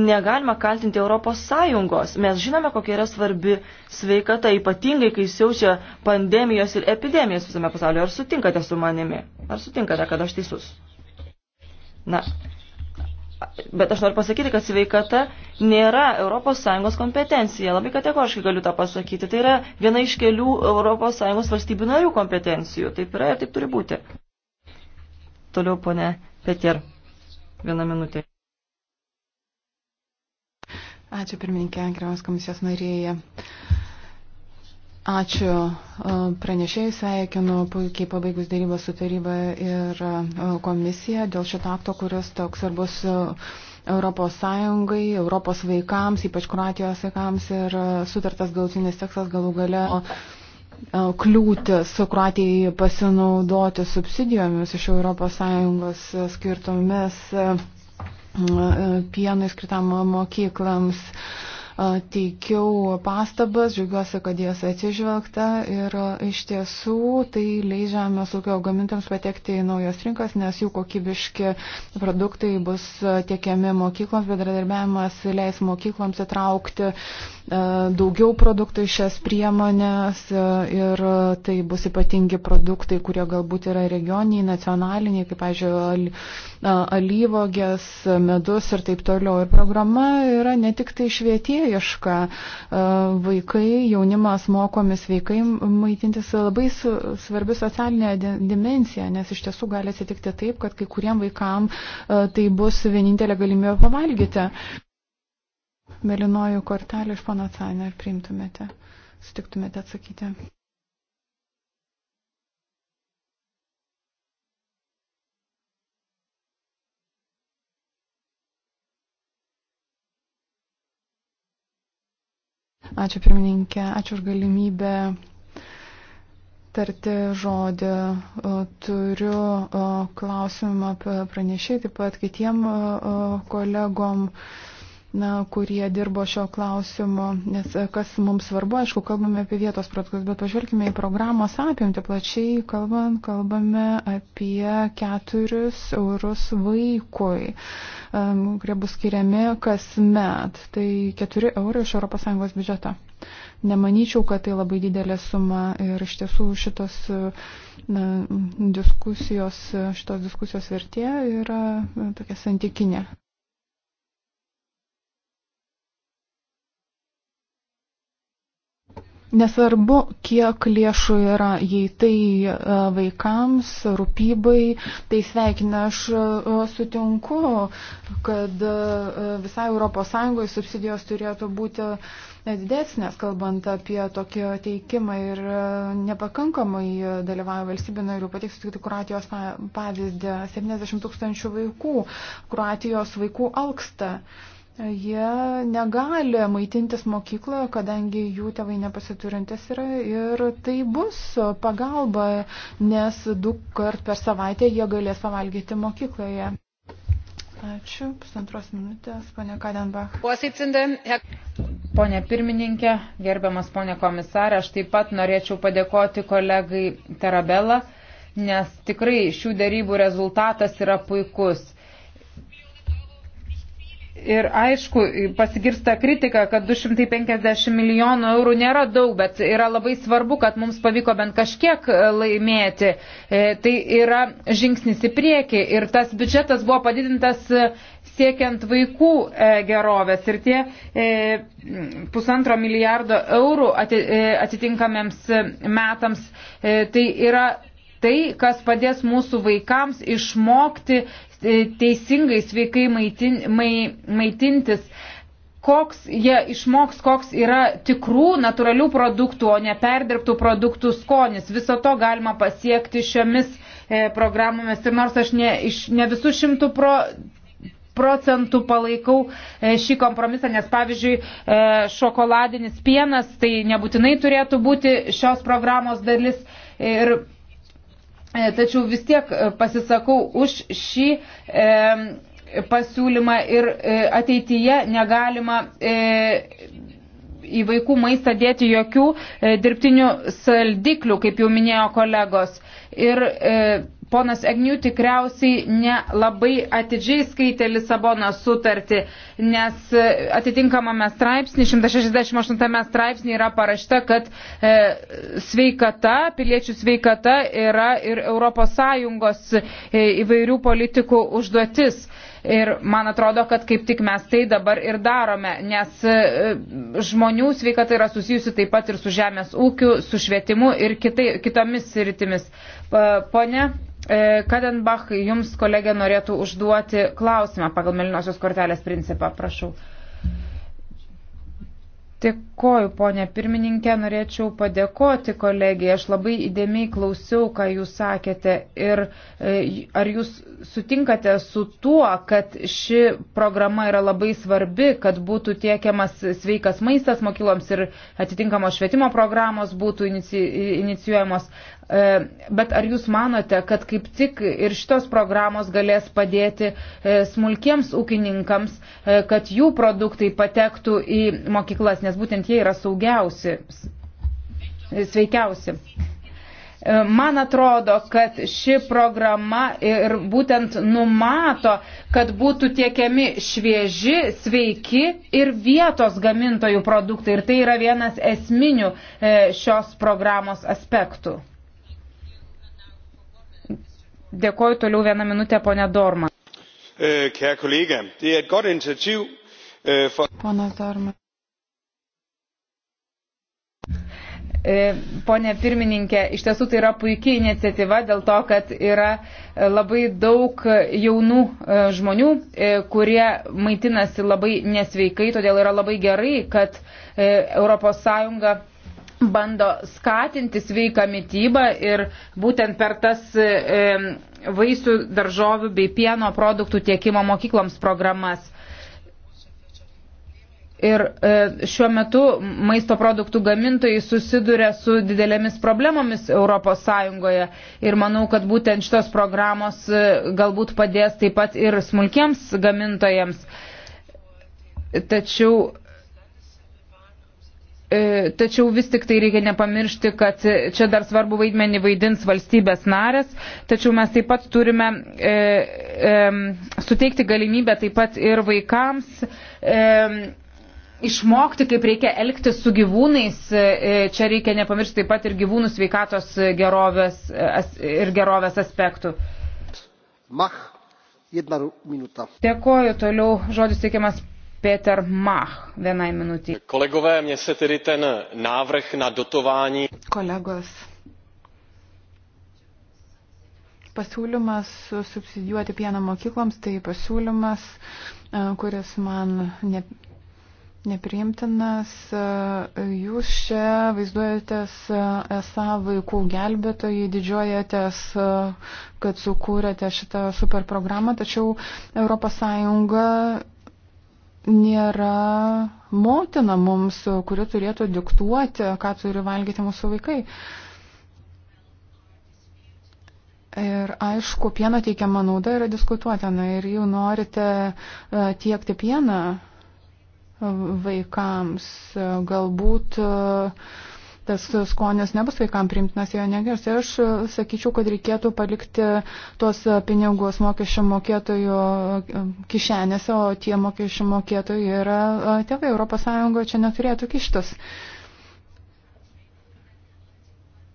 negalima kaltinti Europos Sąjungos. Mes žinome, kokia yra svarbi sveikata, ypatingai, kai siaučia pandemijos ir epidemijos visame pasaulyje. Ar sutinkate su manimi? Ar sutinkate, kad aš teisus? Na, Bet aš noriu pasakyti, kad sveikata nėra ES kompetencija. Labai kategoriškai galiu tą pasakyti. Tai yra viena iš kelių ES valstybių narių kompetencijų. Taip yra ir taip turi būti. Toliau, ponė Peter. Vieną minutę. Ačiū pirmininkė, gerbiamas komisijos narėje. Ačiū e, pranešėjai, sveikinu puikiai pabaigus dėrybą su taryba ir e, komisija dėl šito akto, kuris toks svarbus e, Europos Sąjungai, Europos vaikams, ypač Kroatijos vaikams ir sutartas galutinis tekstas galų gale kliūtis Kroatijai pasinaudoti subsidijomis iš Europos Sąjungos skirtomis pienui skirtam mokyklams. Uh, teikiau pastabas, džiaugiuosi, kad jas atsižvelgta ir iš tiesų tai leis žemės ūkio gamintams patekti į naujas rinkas, nes jų kokybiški produktai bus tiekiami mokykloms, bedradarbiavimas leis mokykloms įtraukti uh, E, daugiau produktų iš šias priemonės e, ir tai bus ypatingi produktai, kurie galbūt yra regioniniai, nacionaliniai, kaip, pavyzdžiui, alyvogės, medus ir taip toliau. Ir programa yra ne tik tai švietėjiška. E, vaikai, jaunimas mokomis veikai maitintis labai svarbi socialinė dimensija, nes iš tiesų gali atsitikti taip, kad kai kuriem vaikam tai bus vienintelė galimybė pavalgyti. Melinojų kortelį iš pono Cainer priimtumėte, sutiktumėte atsakyti. Ačiū pirmininkė, ačiū už galimybę tarti žodį. Turiu klausimą pranešėjai, taip pat kitiem kolegom na, kurie dirbo šio klausimu, nes e, kas mums svarbu, aišku, kalbame apie vietos produktus, bet pažvelkime į programos apimti plačiai, kalbant, kalbame apie 4 eurus vaikui, um, kurie bus skiriami kasmet, tai 4 eurai iš ES biudžeto. Nemanyčiau, kad tai labai didelė suma ir iš tiesų šitos na, diskusijos, šitos diskusijos vertė yra e, tokia santykinė. Nesvarbu, kiek lėšų yra, jei tai e, vaikams, rūpybai, tai sveikina, aš e, sutinku, kad e, visai ES subsidijos turėtų būti didesnės, kalbant apie tokį teikimą ir nepakankamai dalyvauja valstybė narių. Pateiksiu tik Kroatijos pavyzdį. 70 tūkstančių vaikų, Kroatijos vaikų alksta. Jie negali maitintis mokykloje, kadangi jų tėvai nepasiturintis yra ir tai bus pagalba, nes du kart per savaitę jie galės pavalgyti mokykloje. Ačiū. Pusantros minutės, ponė Kadenbach. Pone pirmininkė, gerbiamas ponė komisarė, aš taip pat norėčiau padėkoti kolegai Terabelą, nes tikrai šių darybų rezultatas yra puikus Ir aišku, pasigirsta kritika, kad 250 milijonų eurų nėra daug, bet yra labai svarbu, kad mums pavyko bent kažkiek e, laimėti. E, tai yra žingsnis į priekį ir tas biudžetas buvo padidintas e, siekiant vaikų gerovės ir tie pusantro milijardo eurų atitinkamiems metams tai yra tai, kas padės mūsų vaikams išmokti E, teisingai, sveikai maitin, mai, maitintis, koks jie išmoks, koks yra tikrų natūralių produktų, o ne perdirbtų produktų skonis. Viso to galima pasiekti šiomis e, programomis. Ir nors aš ne, iš, ne visų šimtų pro, procentų palaikau e, šį kompromisą, nes pavyzdžiui e, šokoladinis pienas tai nebūtinai turėtų būti šios programos dalis. Ir E, tačiau vis tiek e, pasisakau už šį e, pasiūlymą ir e, ateityje negalima. E, Į vaikų maistą dėti jokių e, dirbtinių saldiklių, kaip jau minėjo kolegos. Ir e, ponas Agnių tikriausiai nelabai atidžiai skaitė Lisabono sutartį, nes e, atitinkamame straipsnį, 168 straipsnį yra parašta, kad e, sveikata, piliečių sveikata yra ir ES e, įvairių politikų užduotis. E, Ir man atrodo, kad kaip tik mes tai dabar ir darome, nes e, žmonių sveikata yra susijusi taip pat ir su žemės ūkiu, su švietimu ir kitai, kitomis sritimis. Pone e, Kadenbach, jums kolegė norėtų užduoti klausimą pagal melinosios kortelės principą, prašau. Dėkoju, ponė pirmininkė, norėčiau padėkoti kolegijai. Aš labai įdėmiai klausiau, ką jūs sakėte ir e, ar jūs sutinkate su tuo, kad ši programa yra labai svarbi, kad būtų tiekiamas sveikas maistas mokykloms ir atitinkamos švietimo programos būtų inicijuojamos. E, bet ar jūs manote, kad kaip tik ir šitos programos galės padėti e, smulkiems ūkininkams, e, kad jų produktai patektų į mokyklas, nes būtent jie yra saugiausi, sveikiausi? Man atrodo, kad ši programa ir būtent numato, kad būtų tiekiami švieži, sveiki ir vietos gamintojų produktai. Ir tai yra vienas esminių šios programos aspektų. Dėkoju toliau vieną minutę, ponė Dorma. E, er e, Ponas Dorma. E, Pone pirmininkė, iš tiesų tai yra puikiai iniciatyva dėl to, kad yra labai daug jaunų žmonių, kurie maitinasi labai nesveikai, todėl yra labai gerai, kad ES bando skatinti sveiką mytybą ir būtent per tas e, vaisių, daržovių bei pieno produktų tiekimo mokykloms programas. Ir e, šiuo metu maisto produktų gamintojai susiduria su didelėmis problemomis ES ir manau, kad būtent šitos programos e, galbūt padės taip pat ir smulkiems gamintojams. Tačiau E, tačiau vis tik tai reikia nepamiršti, kad čia dar svarbu vaidmenį vaidins valstybės narės, tačiau mes taip pat turime e, e, suteikti galimybę taip pat ir vaikams e, išmokti, kaip reikia elgtis su gyvūnais. E, e, čia reikia nepamiršti taip pat ir gyvūnų sveikatos gerovės ir gerovės aspektų. Mach, Dėkoju, toliau žodis teikiamas Peter Mach, vienai minutį. Kolegové, mně se tedy ten návrh na dotování. Kolegos, pasiūlymas subsidijuoti pieną mokykloms, tai pasiūlymas, e, kuris man ne, nepriimtinas. E, jūs čia vaizduojatės e, esą vaikų gelbėtojai, didžiuojatės, kad sukūrėte šitą superprogramą, tačiau ES nėra motina mums, kuri turėtų diktuoti, ką turi valgyti mūsų vaikai. Ir aišku, pieno teikiama nauda yra diskutuotina ir jau norite e, tiekti pieną e, vaikams, e, galbūt uh, tas skonis nebus vaikam primtinas, jo negers. Ir aš sakyčiau, kad reikėtų palikti tuos pinigus mokesčių mokėtojų kišenėse, o tie mokesčių mokėtojai yra tėvai. ES čia neturėtų kištas.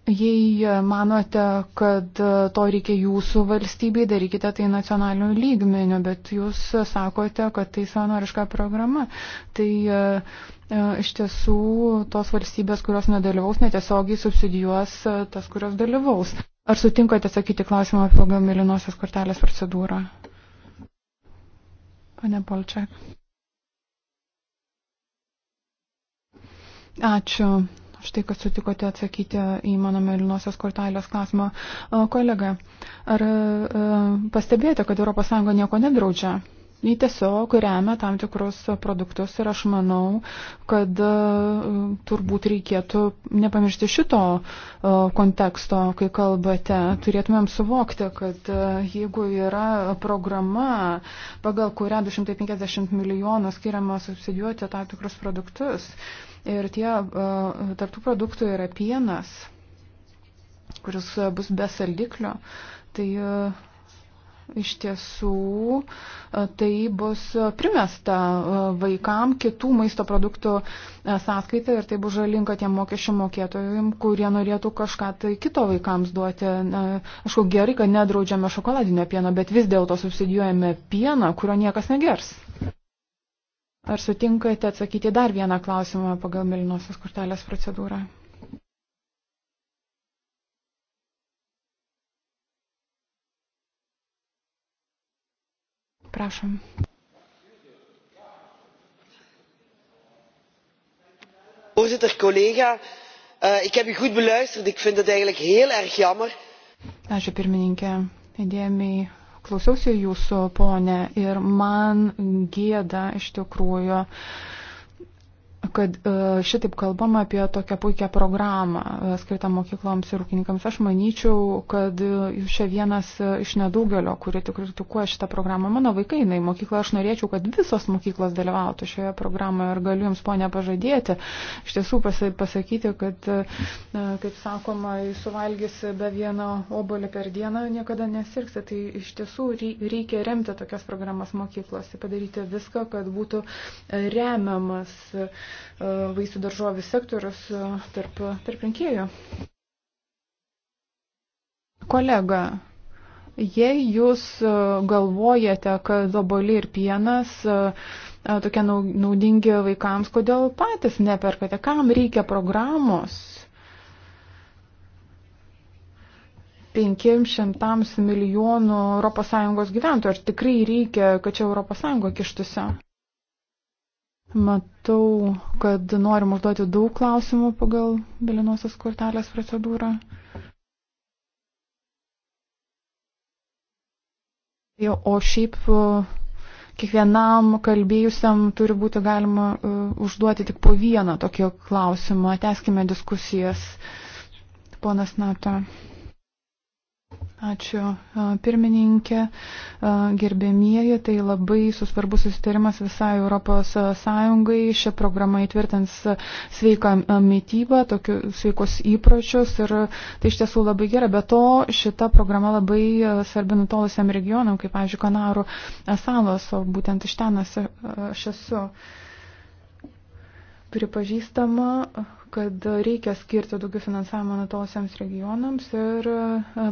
Jei manote, kad to reikia jūsų valstybei, darykite tai nacionaliniu lygmeniu, bet jūs sakote, kad tai savanoriška programa. Tai uh, E, iš tiesų tos valstybės, kurios nedalyvaus, netiesiogiai subsidijuos e, tas, kurios dalyvaus. Ar sutinkate sakyti klausimą apie ilgą mėlynosios kortelės procedūrą? Pane Polčiak. Ačiū. Štai, kad sutikote atsakyti į mano mėlynosios kortelės klausimą. E, kolega, ar pastebėjote, kad ES nieko nedraudžia? Jį tiesiog remia tam tikrus produktus ir aš manau, kad e, turbūt reikėtų nepamiršti šito e, konteksto, kai kalbate. Turėtumėm suvokti, kad e, jeigu yra programa, pagal kurią 250 milijonų skiriama subsidijuoti tam tikrus produktus, ir tie tarptų produktų yra pienas, kuris bus be saldiklio, tai iš tiesų e, tai bus primesta e, vaikam kitų maisto produktų e, sąskaita ir tai bus žalinga tiem mokesčių mokėtojim, kurie norėtų kažką tai kito vaikams duoti. Na, aš kau gerai, kad nedraudžiame šokoladinio pieno, bet vis dėlto subsidijuojame pieną, kurio niekas negers. Ar sutinkate atsakyti dar vieną klausimą pagal Melinosios kortelės procedūrą? Prašom. Voorzitter, collega, uh, ik heb u goed beluisterd. Ik vind het eigenlijk heel erg jammer. Ačiū pirmininkė, įdėmiai klausiausi jūsų, ponė, ir man gėda iš tikrųjų. Uh, kad e, šitaip kalbama apie tokią puikią programą e, skirtą mokykloms ir ūkininkams. Aš manyčiau, kad jūs e, čia vienas iš nedaugelio, kurie tikrai kritikuoja šitą programą. Mano vaikai, jinai mokykla, aš norėčiau, kad visos mokyklos dalyvautų šioje programoje ir galiu jums ponę pažadėti. Iš tiesų pasakyti, kad, kaip sakoma, suvalgys be vieno obolį per dieną, niekada nesirgsi. Tai iš tiesų reikia remti tokias programas mokyklose, padaryti viską, kad būtų remiamas E, vaisių daržovių sektorius e, tarp, tarp rinkėjų. Kolega, jei jūs e, galvojate, kad oboliai ir pienas tokie naudingi vaikams, kodėl patys neperkate, kam reikia programos? 500 milijonų ES gyventojų. Ar tikrai reikia, kad čia ES kištusi? Matau, kad norim užduoti daug klausimų pagal mėlynosios kortelės procedūrą. O šiaip kiekvienam kalbėjusiam turi būti galima užduoti tik po vieną tokį klausimą. Teskime diskusijas. Ponas Nato. Ačiū pirmininkė, gerbėmieji, tai labai susvarbus susitarimas visai Europos Sąjungai. Šią programą įtvirtins sveiką mytybą, tokius sveikos įpročius ir tai iš tiesų labai gera. Be to, šita programa labai svarbi nutolusiam regionam, kaip, pavyzdžiui, Kanarų salos, o būtent iš ten aš esu pripažįstama, kad reikia skirti daugiau finansavimo nutolusiams regionams ir e,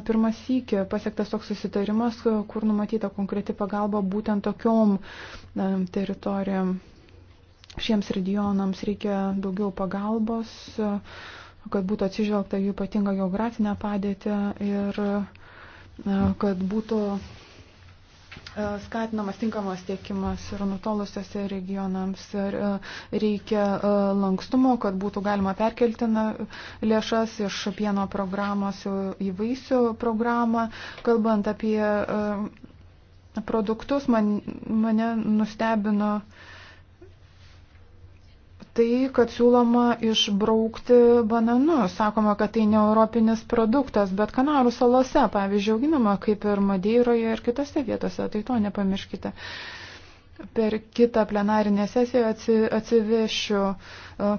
pirmas sykį pasiektas toks susitarimas, kur numatyta konkreti pagalba būtent tokiom e, teritorijom. Šiems regionams reikia daugiau pagalbos, e, kad būtų atsižvelgta jų ypatinga geografinė padėtė ir kad būtų E, skatinamas tinkamas tiekimas ir nutolusiuose regionams. Ir e, reikia e, lankstumo, kad būtų galima perkelti lėšas iš pieno programos į vaisių programą. Kalbant apie produktus, man, mane nustebino uh, tai, kad siūloma išbraukti bananus. Sakoma, kad tai ne europinis produktas, bet Kanarų salose, pavyzdžiui, auginama kaip ir Madeiroje ir kitose vietose, tai to nepamirškite. Per kitą plenarinę sesiją atsivešiu e,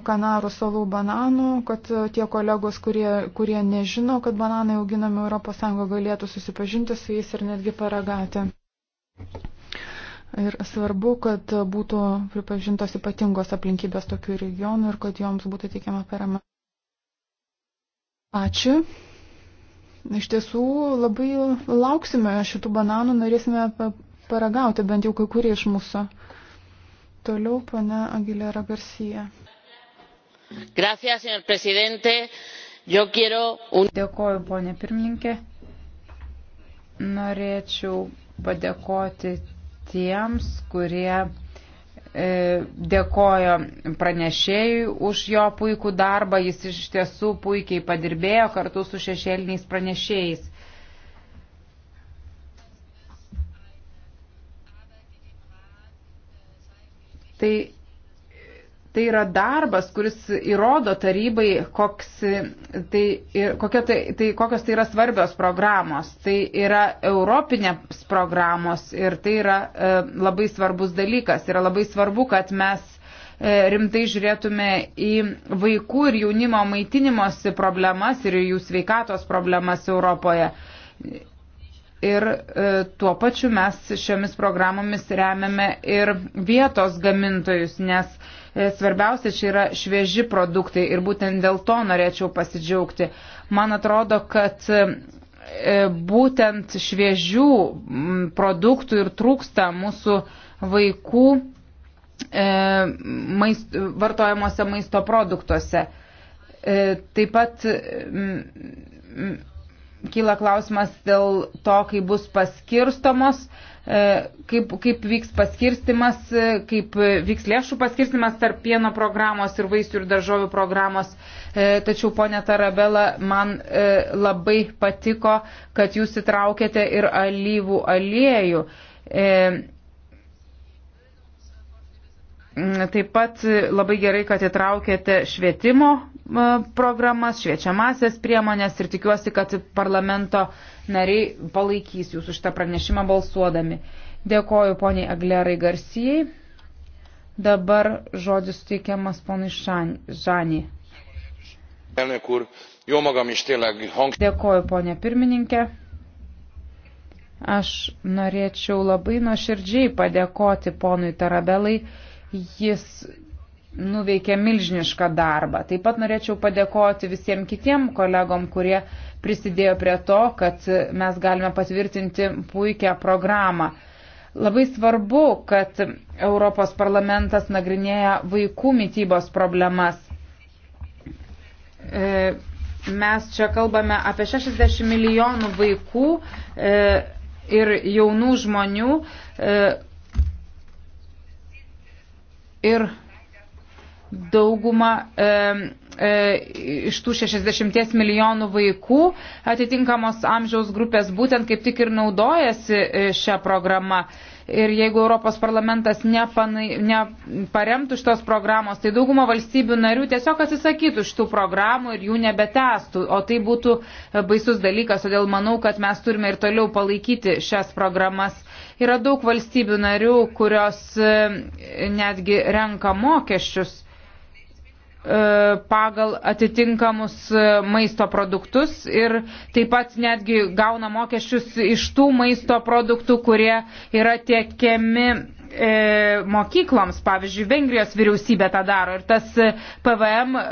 Kanarų salų bananų, kad e, tie kolegos, kurie, kurie nežino, kad bananai auginami ES, galėtų susipažinti su jais ir netgi paragauti. Ir svarbu, kad būtų pripažintos ypatingos aplinkybės tokių regionų ir kad joms būtų teikiama parama. Ačiū. Iš tiesų labai lauksime šitų bananų, norėsime paragauti bent jau kai kurie iš mūsų. Toliau pane Aguilera Garcia. Gracias, señor presidente. Yo quiero un... Dėkoju, ponė pirmininkė. Norėčiau padėkoti tiems, kurie e, dėkojo pranešėjui už jo puikų darbą, jis iš tiesų puikiai padirbėjo kartu su šešėliniais pranešėjais. Tai tai yra darbas, kuris įrodo tarybai, koks, tai, kokia, tai, tai, kokios tai yra svarbios programos. Tai yra europinės programos ir tai yra e, labai svarbus dalykas. Yra labai svarbu, kad mes e, rimtai žiūrėtume į vaikų ir jaunimo maitinimosi problemas ir jų sveikatos problemas Europoje. Ir e, tuo pačiu mes šiomis programomis remiame ir vietos gamintojus, nes e, E, svarbiausia čia yra švieži produktai ir būtent dėl to norėčiau pasidžiaugti. Man atrodo, kad e, būtent šviežių produktų ir trūksta mūsų vaikų e, maist, vartojamuose maisto produktuose. Taip pat kyla klausimas dėl to, kai bus paskirstomos E, kaip, kaip vyks paskirstimas, e, kaip vyks lėšų paskirstimas tarp pieno programos ir vaisių ir daržovių programos. E, tačiau, ponė Tarabela, man labai patiko, kad jūs įtraukėte ir alyvų aliejų. Taip pat labai gerai, kad įtraukėte švietimo programas, šviečiamasias priemonės ir tikiuosi, kad parlamento nariai palaikys jūsų šitą pranešimą balsuodami. Dėkoju poniai Aglerai Garsijai. Dabar žodis teikiamas ponui Žanį. Dėkoju ponė pirmininkė. Aš norėčiau labai nuoširdžiai padėkoti ponui Tarabelai. Jis nuveikė milžinišką darbą. Taip pat norėčiau padėkoti visiems kitiem kolegom, kurie prisidėjo prie to, kad mes galime patvirtinti puikią programą. Labai svarbu, kad Europos parlamentas nagrinėja vaikų mytybos problemas. E, mes čia kalbame apie 60 milijonų vaikų e, ir jaunų žmonių. E, ir dauguma e, e, iš tų 60 milijonų vaikų atitinkamos amžiaus grupės būtent kaip tik ir naudojasi e, šią programą. Ir jeigu Europos parlamentas nepanai, neparemtų šitos programos, tai dauguma valstybių narių tiesiog atsisakytų šitų programų ir jų nebetestų. O tai būtų e, baisus dalykas, todėl manau, kad mes turime ir toliau palaikyti šias programas yra daug valstybių narių, kurios e, netgi renka mokesčius E, pagal atitinkamus e, maisto produktus ir taip pat netgi gauna mokesčius iš tų maisto produktų, kurie yra tiekiami e, mokykloms, pavyzdžiui, Vengrijos vyriausybė tą daro ir tas PVM e,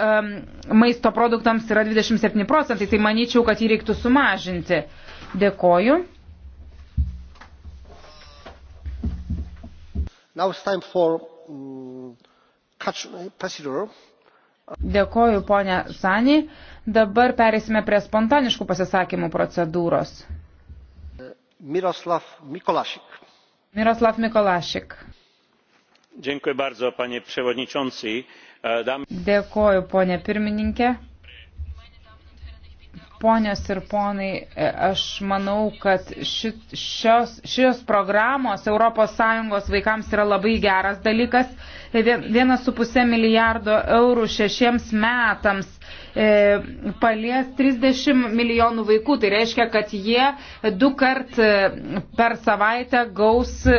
maisto produktams yra 27 procentai, tai manyčiau, kad jį reiktų sumažinti. Dėkoju. Now it's time for um, catch eh, procedure. Dėkoju, ponė Sanį. Dabar perėsime prie spontaniškų pasisakymų procedūros. Miroslav Mikolašik. Miroslav Mikolašik. Dėkoju, bardzo, panie przewodniczący. E, dam... Dėkoju, ponė pirmininkė. Ponios ir ponai, e, aš manau, kad šit, šios, šios programos ES vaikams yra labai geras dalykas. 1,5 milijardo eurų šešiems metams E, palies 30 milijonų vaikų. Tai reiškia, kad jie du kart e, per savaitę gaus e,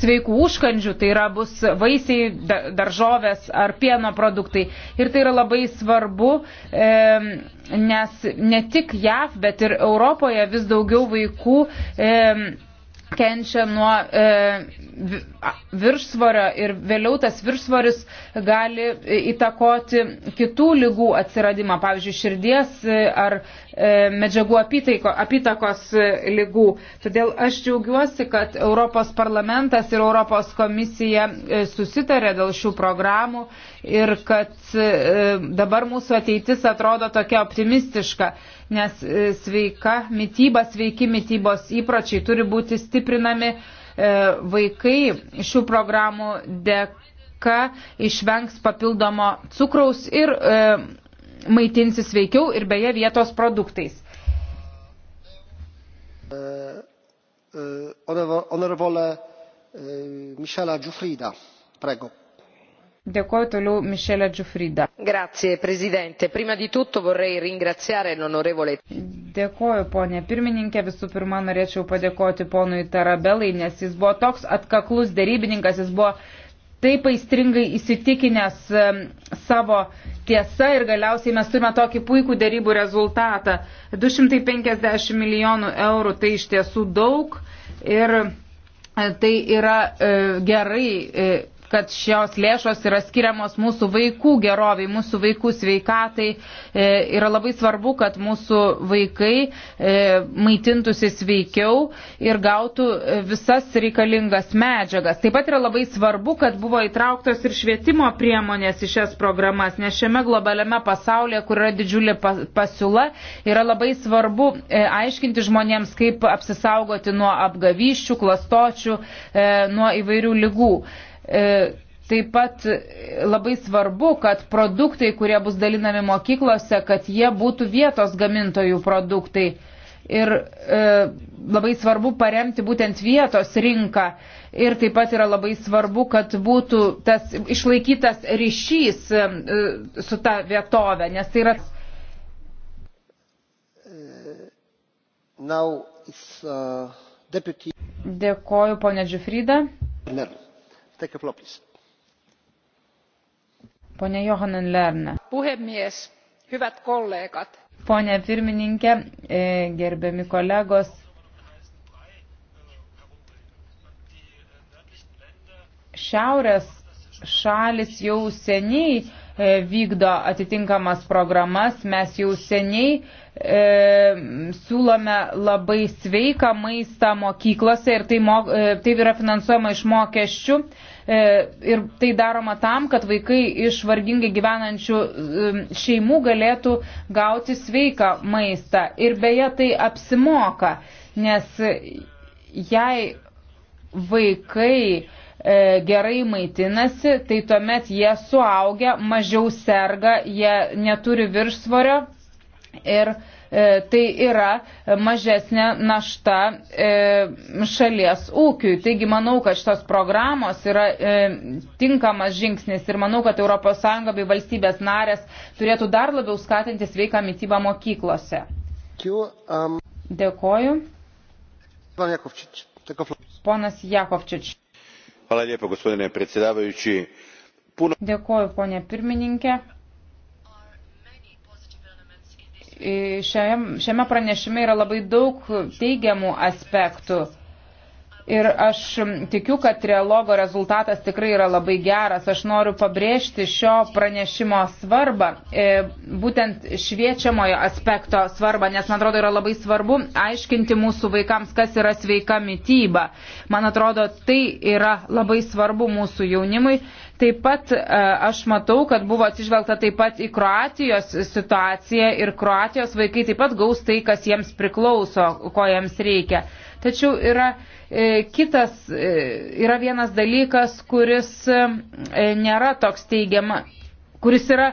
sveikų užkandžių, tai yra bus vaisiai, daržovės ar pieno produktai. Ir tai yra labai svarbu, nes ne tik JAV, bet ir Europoje vis daugiau vaikų kenčia nuo e, viršsvorio ir vėliau tas viršsvoris gali įtakoti kitų lygų atsiradimą, pavyzdžiui, širdies e, ar E, medžiagų apytaiko, apytakos e, lygų. Todėl aš džiaugiuosi, kad Europos parlamentas ir Europos komisija e, susitarė dėl šių programų ir kad dabar mūsų ateitis atrodo tokia optimistiška, nes sveika mytyba, sveiki mytybos įpročiai turi būti stiprinami vaikai šių programų dėka išvengs papildomo cukraus ir maitinsi sveikiau ir beje vietos produktais. E, e, honorable e, Mišela Džufrida, prego. Dėkuoju toliau Mišelė Džufrida. Grazie, prezidente. Prima di tutto vorrei ringraziare l'onorevole. Dėkuoju, ponė pirmininkė. Visų pirma, norėčiau padėkoti ponui Tarabelai, nes jis buvo toks atkaklus dėrybininkas, jis buvo uh, taip aistringai įsitikinęs savo tiesą ir galiausiai mes turime tokį puikų dėrybų rezultatą. 250 milijonų eurų tai iš tiesų daug ir e, tai yra e, gerai e, kad šios lėšos yra skiriamos mūsų vaikų geroviai, mūsų vaikų sveikatai. E, yra labai svarbu, kad mūsų vaikai e, maitintųsi sveikiau ir gautų visas reikalingas medžiagas. Taip pat yra labai svarbu, kad buvo įtrauktos ir švietimo priemonės į šias programas, nes šiame globaliame pasaulyje, kur yra didžiulė pasiūla, yra labai svarbu e, aiškinti žmonėms, kaip apsisaugoti nuo apgavyščių, klastočių, e, nuo įvairių lygų. E, taip pat labai svarbu, kad produktai, kurie bus dalinami mokyklose, kad jie būtų vietos gamintojų produktai. Ir e, labai svarbu paremti būtent vietos rinką. Ir taip pat yra labai svarbu, kad būtų tas išlaikytas ryšys e, su ta vietove, nes tai yra. Now, uh, deputy... Dėkoju, ponė Džiufrida. Merlin puhemies hyvät kollegat pone pirmininke gerbiami kolegos šiaurės šalys jau seniai E, vykdo atitinkamas programas. Mes jau seniai e, siūlome labai sveiką maistą mokyklose ir tai, mo, e, tai yra finansuojama iš mokesčių. E, ir tai daroma tam, kad vaikai iš vargingai gyvenančių e, šeimų galėtų gauti sveiką maistą. Ir beje, tai apsimoka, nes jei vaikai E, gerai maitinasi, tai tuomet jie suaugia, mažiau serga, jie neturi viršsvorio ir e, tai yra mažesnė našta e, šalies ūkiui. Taigi manau, kad šitos programos yra tinkamas žingsnis ir manau, kad ES bei valstybės narės turėtų dar labiau skatinti sveiką mytybą mokyklose. Um, Dėkoju. Ponas Jakovčič gospodine predsjedniče dėkoju pone pirmininke. šiame pranešime yra labai daug teigiamų aspektų. Ir aš tikiu, kad trialogo rezultatas tikrai yra labai geras. Aš noriu pabrėžti šio pranešimo svarbą, e, būtent šviečiamojo aspekto svarbą, nes man atrodo yra labai svarbu aiškinti mūsų vaikams, kas yra sveika mytyba. Man atrodo, tai yra labai svarbu mūsų jaunimui. Taip pat e, aš matau, kad buvo atsižvelgta taip pat į Kroatijos situaciją ir Kroatijos vaikai taip pat gaus tai, kas jiems priklauso, ko jiems reikia. Tačiau yra e, kitas, e, yra vienas dalykas, kuris nėra toks teigiama, kuris yra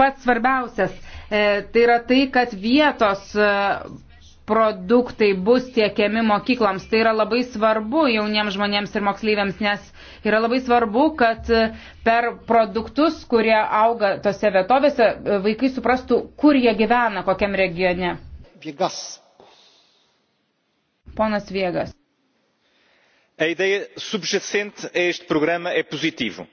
pats svarbiausias. Tai yra tai, kad vietos produktai bus tiekiami mokykloms. Tai yra labai svarbu jauniems žmonėms ir moksleiviams, nes yra labai svarbu, kad e, per produktus, kurie auga tose vietovėse, e, vaikai suprastų, kur jie gyvena, kokiam regione. Viegas. Ponas Viegas. A ideia subjacente a este programa é positivo.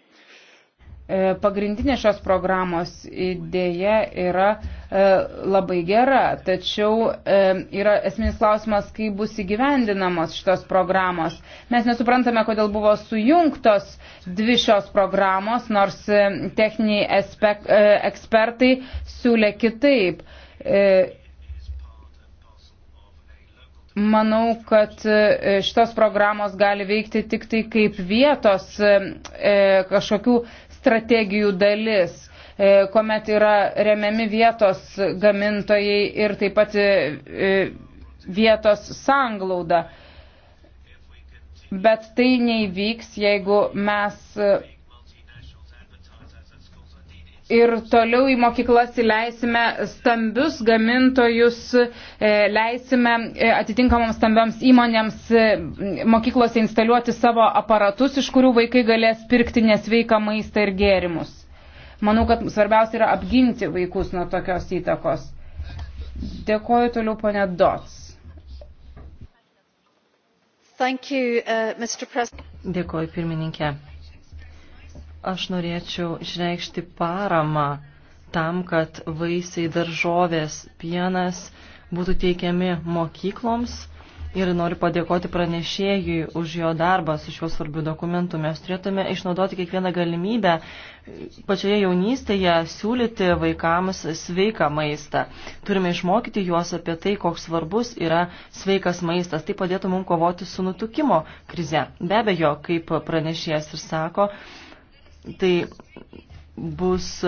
E, pagrindinė šios programos idėja yra e, labai gera, tačiau e, yra esminis klausimas, kaip bus įgyvendinamos šitos programos. Mes nesuprantame, kodėl buvo sujungtos dvi šios programos, nors techniniai ekspertai siūlė kitaip manau, kad šitos programos gali veikti tik tai kaip vietos e, kažkokių strategijų dalis e, kuomet yra remiami vietos gamintojai ir taip pat e, e, vietos sanglauda. Bet tai neįvyks, jeigu mes ir toliau į mokyklas įleisime stambius gamintojus, e, leisime e, atitinkamoms stambioms įmonėms e, mokyklose instaliuoti savo aparatus, iš kurių vaikai galės pirkti nesveiką maistą ir gėrimus. Manau, kad svarbiausia yra apginti vaikus nuo tokios įtakos. Dėkoju toliau, ponė Dots. Thank you, uh, Dėkoju, pirmininkė. Aš norėčiau išreikšti paramą tam, kad vaisiai, daržovės, pienas būtų teikiami mokykloms ir noriu padėkoti pranešėjui už jo darbą su šiuo svarbiu dokumentu. Mes turėtume išnaudoti kiekvieną galimybę pačioje jaunystėje siūlyti vaikams sveiką maistą. Turime išmokyti juos apie tai, koks svarbus yra sveikas maistas. Tai padėtų mums kovoti su nutukimo krize. Be abejo, kaip pranešėjas ir sako, Tai bus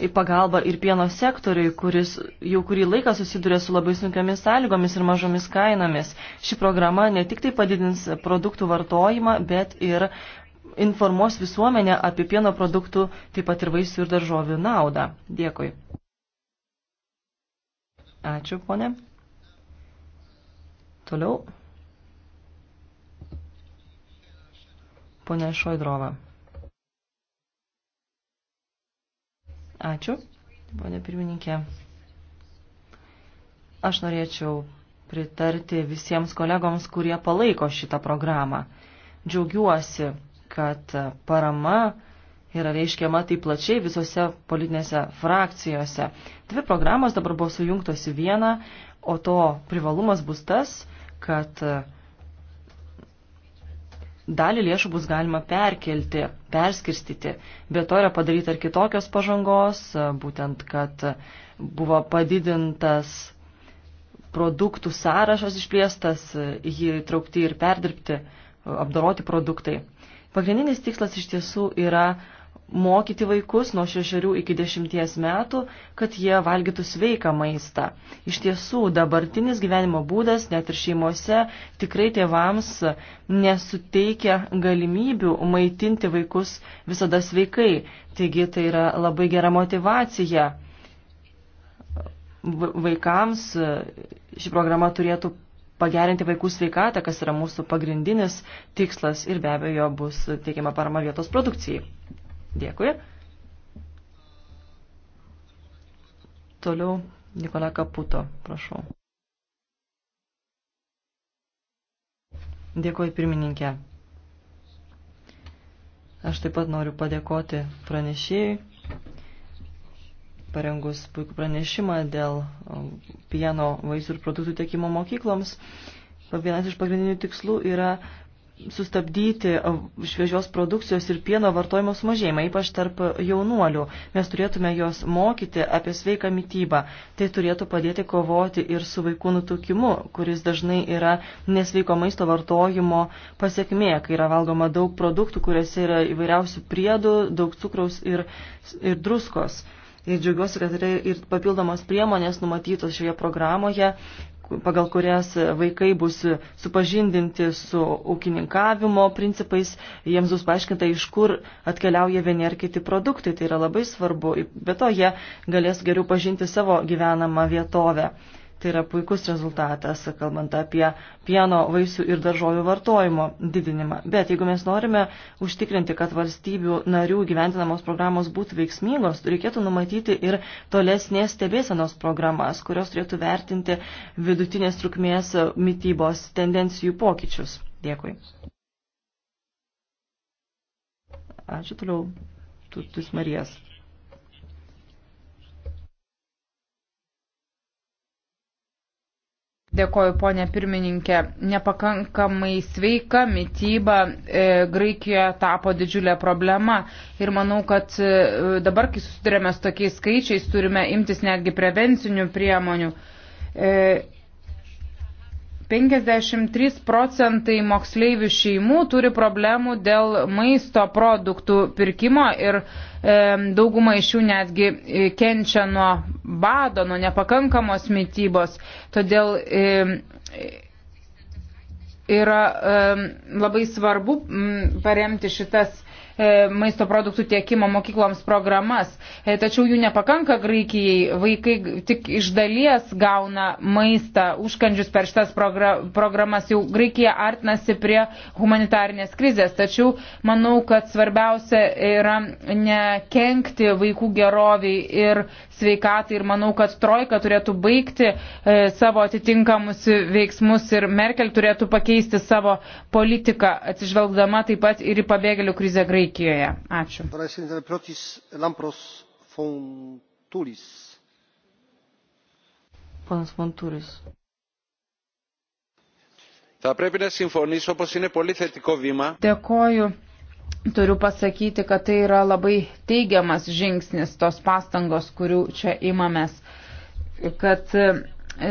e, pagalba ir pieno sektoriui, kuris jau kurį laiką susiduria su labai sunkiamis sąlygomis ir mažomis kainomis. Ši programa ne tik tai padidins produktų vartojimą, bet ir informuos visuomenę apie pieno produktų, taip pat ir vaisių ir daržovių naudą. Dėkui. Ačiū, ponė. Toliau. Pone Šoidrova. Ačiū, ponė pirmininkė. Aš norėčiau pritarti visiems kolegoms, kurie palaiko šitą programą. Džiaugiuosi, kad parama yra reiškiama taip plačiai visose politinėse frakcijose. Dvi programos dabar buvo sujungtos į vieną, o to privalumas bus tas, kad dalį lėšų bus galima perkelti, perskirstyti. Be to yra padaryta ir kitokios pažangos, būtent, kad buvo padidintas produktų sąrašas išplėstas, jį traukti ir perdirbti, apdoroti produktai. Pagrindinis tikslas iš tiesų yra mokyti vaikus nuo šešerių iki dešimties metų, kad jie valgytų sveiką maistą. Iš tiesų, dabartinis gyvenimo būdas, net ir šeimose, tikrai tėvams nesuteikia galimybių maitinti vaikus visada sveikai. Taigi tai yra labai gera motivacija. Vaikams ši programa turėtų pagerinti vaikų sveikatą, kas yra mūsų pagrindinis tikslas ir be abejo bus teikiama parama vietos produkcijai. Dėkui. Toliau Nikola Kaputo, prašau. Dėkuoju pirmininkė. Aš taip pat noriu padėkoti pranešėjai, parengus puikų pranešimą dėl um, pieno vaisių ir produktų tiekimo mokykloms. Vienas iš pagrindinių tikslų yra sustabdyti šviežios produkcijos ir pieno vartojimo sumažėjimą, ypač tarp jaunuolių. Mes turėtume juos mokyti apie sveiką mytybą. Tai turėtų padėti kovoti ir su vaikų nutukimu, kuris dažnai yra nesveiko maisto vartojimo pasiekmė, kai yra valgoma daug produktų, kuriuose yra įvairiausių priedų, daug cukraus ir, ir druskos. Ir džiaugiuosi, kad yra ir papildomos priemonės numatytos šioje programoje, pagal kurias vaikai bus supažindinti su ūkininkavimo principais, jiems bus paaiškinta, iš kur atkeliauja vieni ar kiti produktai. Tai yra labai svarbu. Be to, jie galės geriau pažinti savo gyvenamą vietovę. Tai yra puikus rezultatas, kalbant apie pieno, vaisių ir daržovių vartojimo didinimą. Bet jeigu mes norime užtikrinti, kad valstybių narių gyventinamos programos būtų veiksmingos, reikėtų numatyti ir tolesnės stebėsenos programas, kurios turėtų vertinti vidutinės trukmės mytybos tendencijų pokyčius. Dėkui. Ačiū toliau. Tutus Marijas. Dėkoju, ponė pirmininkė. Nepakankamai sveika mytyba e, Graikijoje tapo didžiulė problema. Ir manau, kad e, dabar, kai susidurėme su tokiais skaičiais, turime imtis netgi prevencinių priemonių. E, 53 procentai moksleivių šeimų turi problemų dėl maisto produktų pirkimo ir e, dauguma iš jų netgi e, kenčia nuo bado, nuo nepakankamos mytybos. Todėl e, e, yra e, labai svarbu m, paremti šitas E, maisto produktų tiekimo mokykloms programas. E, tačiau jų nepakanka Graikijai. Vaikai tik iš dalies gauna maistą užkandžius per šitas programas. Jau Graikija artinasi prie humanitarnės krizės. Tačiau manau, kad svarbiausia yra nekenkti vaikų geroviai ir sveikatai ir manau, kad Trojka turėtų baigti e, savo atitinkamus veiksmus ir Merkel turėtų pakeisti savo politiką, atsižvelgdama taip pat ir į pabėgėlių krizę Graikijoje. Ačiū. Ponas Fontūris. Θα πρέπει να συμφωνήσω πως είναι πολύ θετικό βήμα. Δεκόju turiu pasakyti, kad tai yra labai teigiamas žingsnis tos pastangos, kurių čia imamės, kad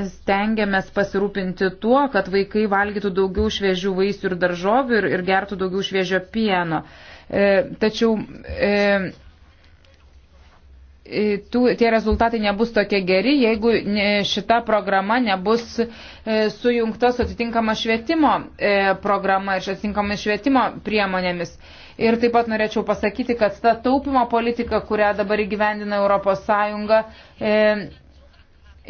stengiamės pasirūpinti tuo, kad vaikai valgytų daugiau šviežių vaisių ir daržovių ir, ir gertų daugiau šviežio pieno. E, tačiau e, tų, tie rezultatai nebus tokie geri, jeigu šita programa nebus e, sujungta su atitinkama švietimo e, programa ir atitinkamomis švietimo priemonėmis. Ir taip pat norėčiau pasakyti, kad ta taupimo politika, kurią dabar įgyvendina Europos Sąjunga, e,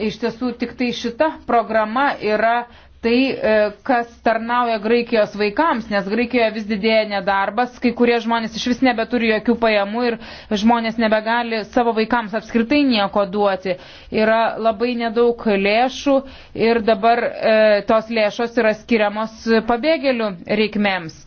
iš tiesų tik tai šita programa yra tai, e, kas tarnauja Graikijos vaikams, nes Graikijoje vis didėja nedarbas, kai kurie žmonės iš vis nebeturi jokių pajamų ir žmonės nebegali savo vaikams apskritai nieko duoti. Yra labai nedaug lėšų ir dabar e, tos lėšos yra skiriamos pabėgėlių reikmėms.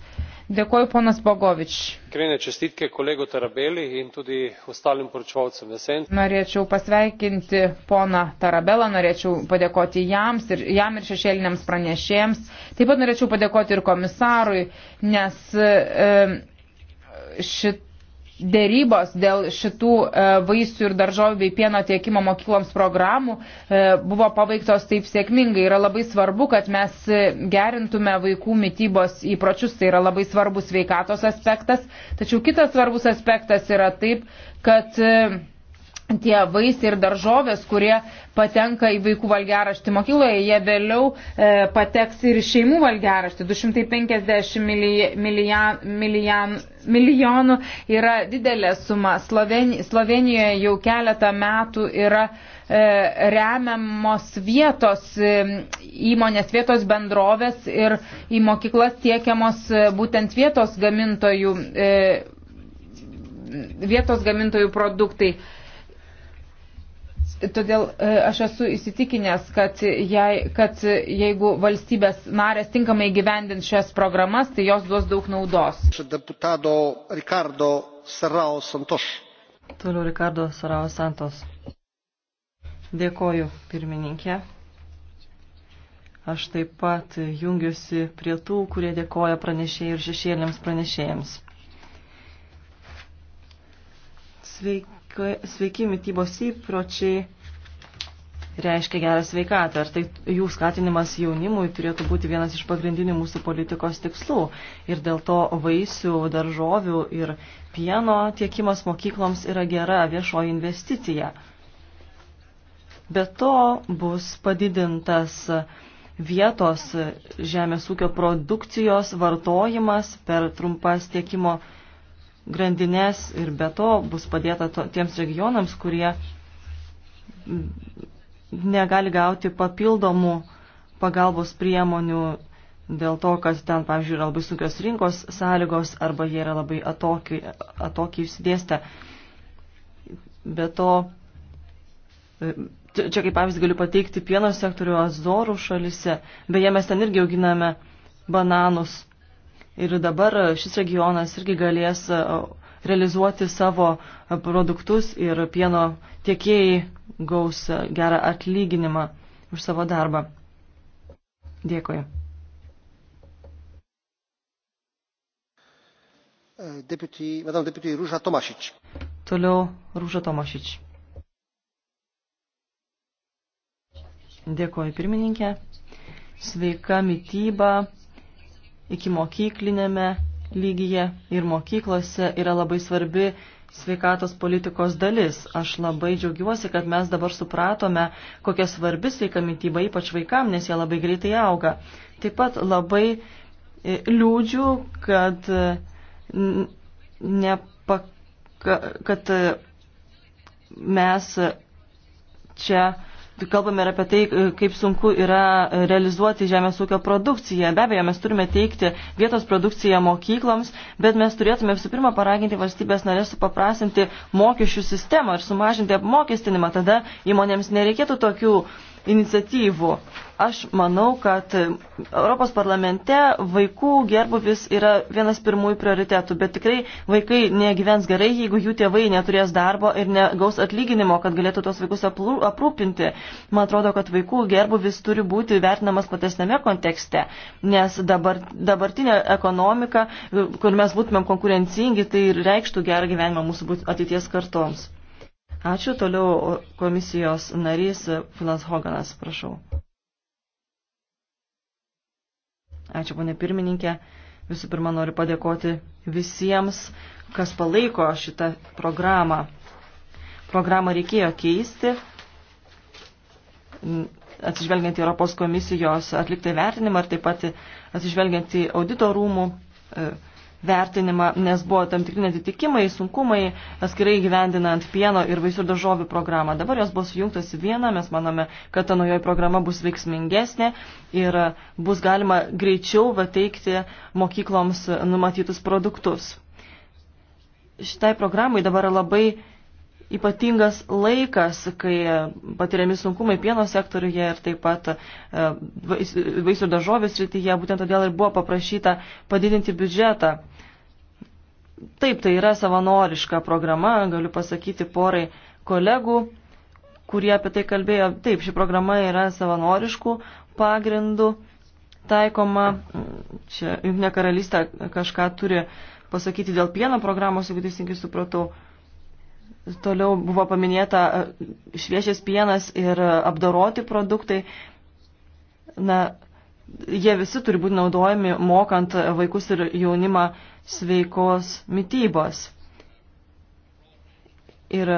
Dėkuoju, ponas Bogovič. Krene čestitke kolego Tarabeli in tudi ostalim poročevalcem nesen. Norėčiau pasveikinti poną Tarabelą, norėčiau padėkoti jam ir, jam ir šešėliniams pranešėjams. Taip pat norėčiau padėkoti ir komisarui, nes e, šit dėrybos dėl šitų e, vaisių ir daržovių bei pieno tiekimo mokykloms programų e, buvo paveiktos taip sėkmingai. Yra labai svarbu, kad mes gerintume vaikų mytybos įpročius, tai yra labai svarbus sveikatos aspektas. Tačiau kitas svarbus aspektas yra taip, kad e, tie vaisiai ir daržovės, kurie patenka į vaikų valgiaraštį mokykloje, jie vėliau e, pateks ir šeimų valgiaraštį. 250 milijan, milijan, milijan, milijonų yra didelė suma. Slovenijoje jau keletą metų yra e, remiamos vietos e, įmonės, vietos bendrovės ir į mokyklas tiekiamos e, būtent vietos gamintojų, vietos gamintojų produktai. Todėl e, aš esu įsitikinęs, kad, jei, kad jeigu valstybės narės tinkamai gyvendint šias programas, tai jos duos daug naudos. Toliau Rikardo Sarao Santos. Dėkoju, pirmininkė. Aš taip pat jungiuosi prie tų, kurie dėkoja pranešėjai ir šešėliams pranešėjams. Sveiki sveiki mytybos įpročiai reiškia gerą sveikatą. Ar tai jų skatinimas jaunimui turėtų būti vienas iš pagrindinių mūsų politikos tikslų. Ir dėl to vaisių, daržovių ir pieno tiekimas mokykloms yra gera viešoji investicija. Be to bus padidintas vietos žemės ūkio produkcijos vartojimas per trumpas tiekimo grandinės ir be to bus padėta to, tiems regionams, kurie negali gauti papildomų pagalbos priemonių dėl to, kad ten, pavyzdžiui, yra labai sunkios rinkos sąlygos arba jie yra labai atokiai, atokiai išsidėstę. Be to, e, čia kaip pavyzdį galiu pateikti pieno sektorių Azorų šalise, beje, mes ten irgi auginame bananus ir dabar šis regionas irgi galės e, realizuoti savo produktus ir pieno tiekėjai gaus e, gerą atlyginimą už savo darbą. Dėkui. E, deputy, Madame Deputy Rūža Tomašič. Toliau Rūža Tomašič. Dėkoju pirmininkė. Sveika mytyba iki mokyklinėme lygyje ir mokyklose yra labai svarbi sveikatos politikos dalis. Aš labai džiaugiuosi, kad mes dabar supratome, kokia svarbi sveika mytyba, ypač vaikam, nes jie labai greitai auga. Taip pat labai e, liūdžiu, kad, e, nepaka, kad e, mes čia kalbame ir apie tai, e, kaip sunku yra e, realizuoti žemės ūkio produkciją. Be abejo, mes turime teikti vietos produkciją mokykloms, bet mes turėtume visų pirma paraginti valstybės narės supaprasinti mokesčių sistemą ir sumažinti apmokestinimą. Tada įmonėms nereikėtų tokių uh, iniciatyvų. Aš manau, kad Europos parlamente vaikų gerbuvis yra vienas pirmųjų prioritetų, bet tikrai vaikai negyvens gerai, jeigu jų tėvai neturės darbo ir negaus atlyginimo, kad galėtų tos vaikus aprūpinti. Man atrodo, kad vaikų gerbuvis turi būti vertinamas platesnėme kontekste, nes dabar, dabartinė ekonomika, kur mes būtumėm konkurencingi, tai ir reikštų gerą gyvenimą mūsų ateities kartoms. Ačiū. Toliau komisijos narys Filas Hoganas, prašau. Ačiū, ponė pirmininkė. Visų pirma, noriu padėkoti visiems, kas palaiko šitą programą. Programą reikėjo keisti, atsižvelgiant į Europos komisijos atliktą vertinimą ir taip pat atsižvelgiant į audito rūmų e, vertinimą, nes buvo tam tikri netitikimai, sunkumai, atskirai gyvendinant pieno ir vaisių ir daržovių programą. Dabar jos bus sujungtos į vieną, mes manome, kad ta naujoji programa bus veiksmingesnė ir bus galima greičiau pateikti mokykloms numatytus produktus. Šitai programai dabar labai ypatingas laikas, kai patiriami sunkumai pieno sektoriuje ir taip pat e, vaisių ir daržovių srityje, būtent todėl ir buvo paprašyta padidinti biudžetą. Taip, tai yra savanoriška programa, galiu pasakyti porai kolegų, kurie apie tai kalbėjo. Taip, ši programa yra savanoriškų pagrindų taikoma. Čia Junknė karalystė kažką turi pasakyti dėl pieno programos, jeigu teisingai supratau. Uh, Toliau buvo paminėta e, šviežias pienas ir e, apdoroti produktai. Na, jie visi turi būti naudojami mokant e, vaikus ir jaunimą sveikos mytybos. Ir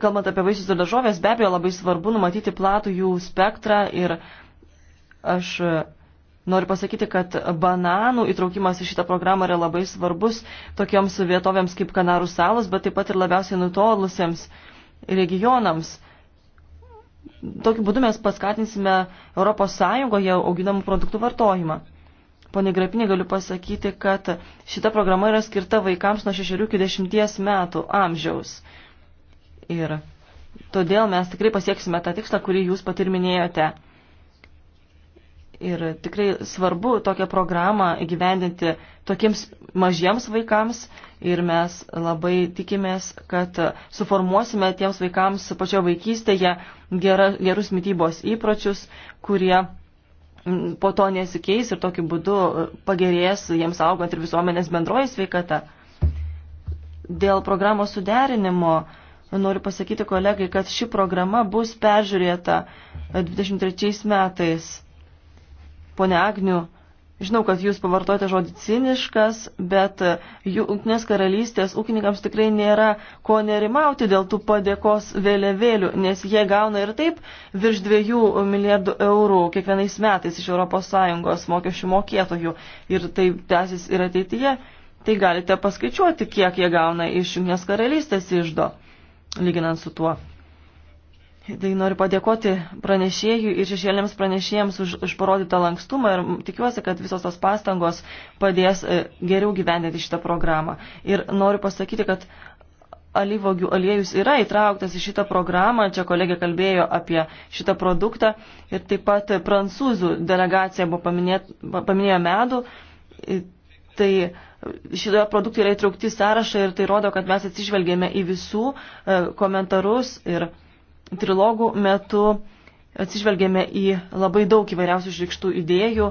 kalbant apie vaisius ir daržovės, be abejo labai svarbu numatyti platų jų spektrą ir aš Noriu pasakyti, kad bananų įtraukimas į šitą programą yra labai svarbus tokioms vietovėms kaip Kanarų salos, bet taip pat ir labiausiai nutolusiems regionams. Tokiu būdu mes paskatinsime ES auginamų produktų vartojimą. Pone Grapinė, galiu pasakyti, kad šita programa yra skirta vaikams nuo 6 iki 10 metų amžiaus. Ir todėl mes tikrai pasieksime tą tikslą, kurį jūs patirminėjote. minėjote. Ir tikrai svarbu tokią programą įgyvendinti tokiems mažiems vaikams ir mes labai tikimės, kad suformuosime tiems vaikams pačioje vaikystėje gera, gerus mytybos įpročius, kurie mm, po to nesikeis ir tokiu būdu pagerės jiems augant ir visuomenės bendroji sveikata. Dėl programos suderinimo noriu pasakyti kolegai, kad ši programa bus peržiūrėta 23 metais Pone Agniu, žinau, kad jūs pavartojate žodį ciniškas, bet Junktinės karalystės ūkininkams tikrai nėra ko nerimauti dėl tų padėkos vėliavėlių, nes jie gauna ir taip virš dviejų milijardų eurų kiekvienais metais iš ES mokesčių mokėtojų ir tai tęsis ir ateityje. Tai galite paskaičiuoti, kiek jie gauna iš Junktinės karalystės išdo, lyginant su tuo. Tai noriu padėkoti pranešėjui ir šešėliams pranešėjams už, už parodytą lankstumą ir tikiuosi, kad visos tos pastangos padės e, geriau gyvendinti šitą programą. Ir noriu pasakyti, kad alyvogių aliejus yra įtrauktas į šitą programą, čia kolegė kalbėjo apie šitą produktą ir taip pat prancūzų delegacija buvo paminėt, paminėjo medų. E, tai šitoje produktai yra įtraukti sąrašą ir tai rodo, kad mes atsižvelgėme į visų e, komentarus ir komentarus trilogų metu atsižvelgėme į labai daug įvairiausių išrikštų idėjų.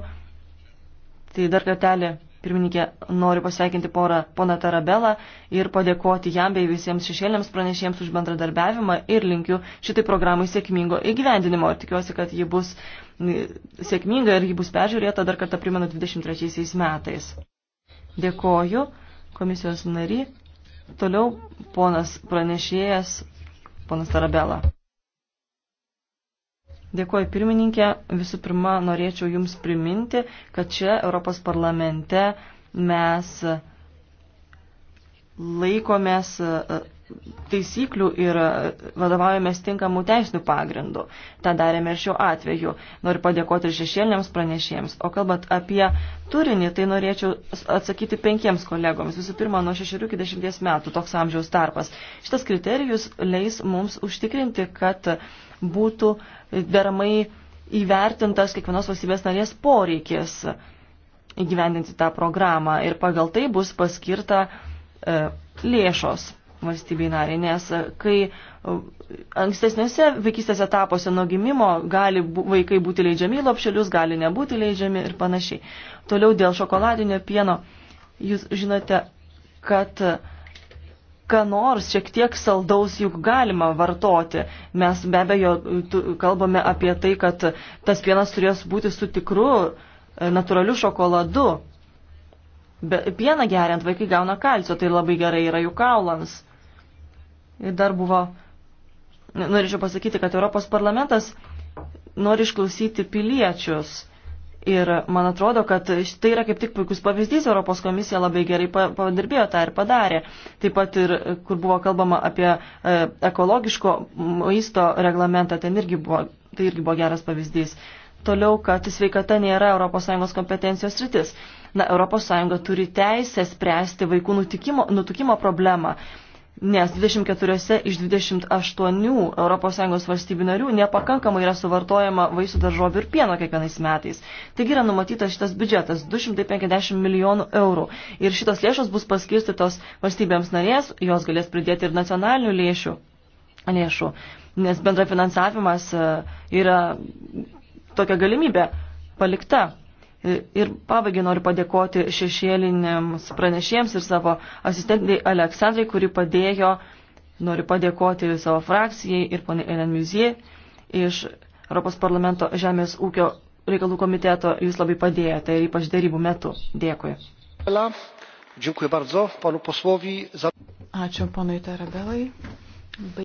Tai dar kartelį, pirmininkė, noriu pasveikinti porą, poną Tarabelą ir padėkoti jam bei visiems šešėliams pranešėjams už bendradarbiavimą ir linkiu šitai programai sėkmingo įgyvendinimo. Ir tikiuosi, kad ji bus e, sėkminga ir ji bus peržiūrėta dar kartą primenu 23 metais. Dėkoju komisijos nary. Toliau ponas pranešėjas, ponas Tarabela. Dėkuoju pirmininkė. Visų pirma, norėčiau Jums priminti, kad čia Europos parlamente mes laikomės taisyklių ir vadovaujamės tinkamų teisinių pagrindų. Ta darėme ir šiuo atveju. Noriu padėkoti ir šešėliniams pranešėjams. O kalbant apie turinį, tai norėčiau atsakyti penkiems kolegoms. Visų pirma, nuo 6 iki 10 metų toks amžiaus tarpas. Šitas kriterijus leis mums užtikrinti, kad būtų deramai įvertintas kiekvienos valstybės narės poreikis įgyvendinti tą programą ir pagal tai bus paskirta e, lėšos valstybei nariai, nes e, kai e, ankstesniuose vaikystės etapuose nuo gimimo gali vaikai būti leidžiami į lopšelius, gali nebūti leidžiami ir panašiai. Toliau dėl šokoladinio pieno, jūs žinote, kad e, ką nors šiek tiek saldaus juk galima vartoti. Mes be abejo kalbame apie tai, kad tas pienas turės būti su tikru natūraliu šokoladu. Be, pieną geriant vaikai gauna kalcio, tai labai gerai yra jų kaulams dar buvo, norėčiau pasakyti, kad Europos parlamentas nori išklausyti piliečius. Ir man atrodo, kad tai yra kaip tik puikus pavyzdys, Europos komisija labai gerai padirbėjo tą ir padarė. Taip pat ir, kur buvo kalbama apie e, ekologiško maisto reglamentą, ten irgi buvo, tai irgi buvo geras pavyzdys. Toliau, kad sveikata nėra ES kompetencijos rytis. Na, ES turi teisę spręsti vaikų nutikimo, nutukimo problemą nes 24 iš 28 ES valstybių narių nepakankamai yra suvartojama vaisių daržovių ir pieno kiekvienais metais. Taigi yra numatytas šitas biudžetas 250 milijonų eurų ir šitos lėšos bus paskirstytos valstybėms narės, jos galės pridėti ir nacionalinių lėšių, lėšų, nes bendra finansavimas e, yra tokia galimybė palikta. Ir pabaigai noriu padėkoti šešėliniams pranešėjams ir savo asistentai Aleksandrai, kuri padėjo. Noriu padėkoti savo frakcijai ir poniai Elen Muzie iš Europos parlamento Žemės ūkio reikalų komiteto. Jūs labai padėjote ir ypač darybų metu. Dėkui. Ačiū ponui Tarabelai.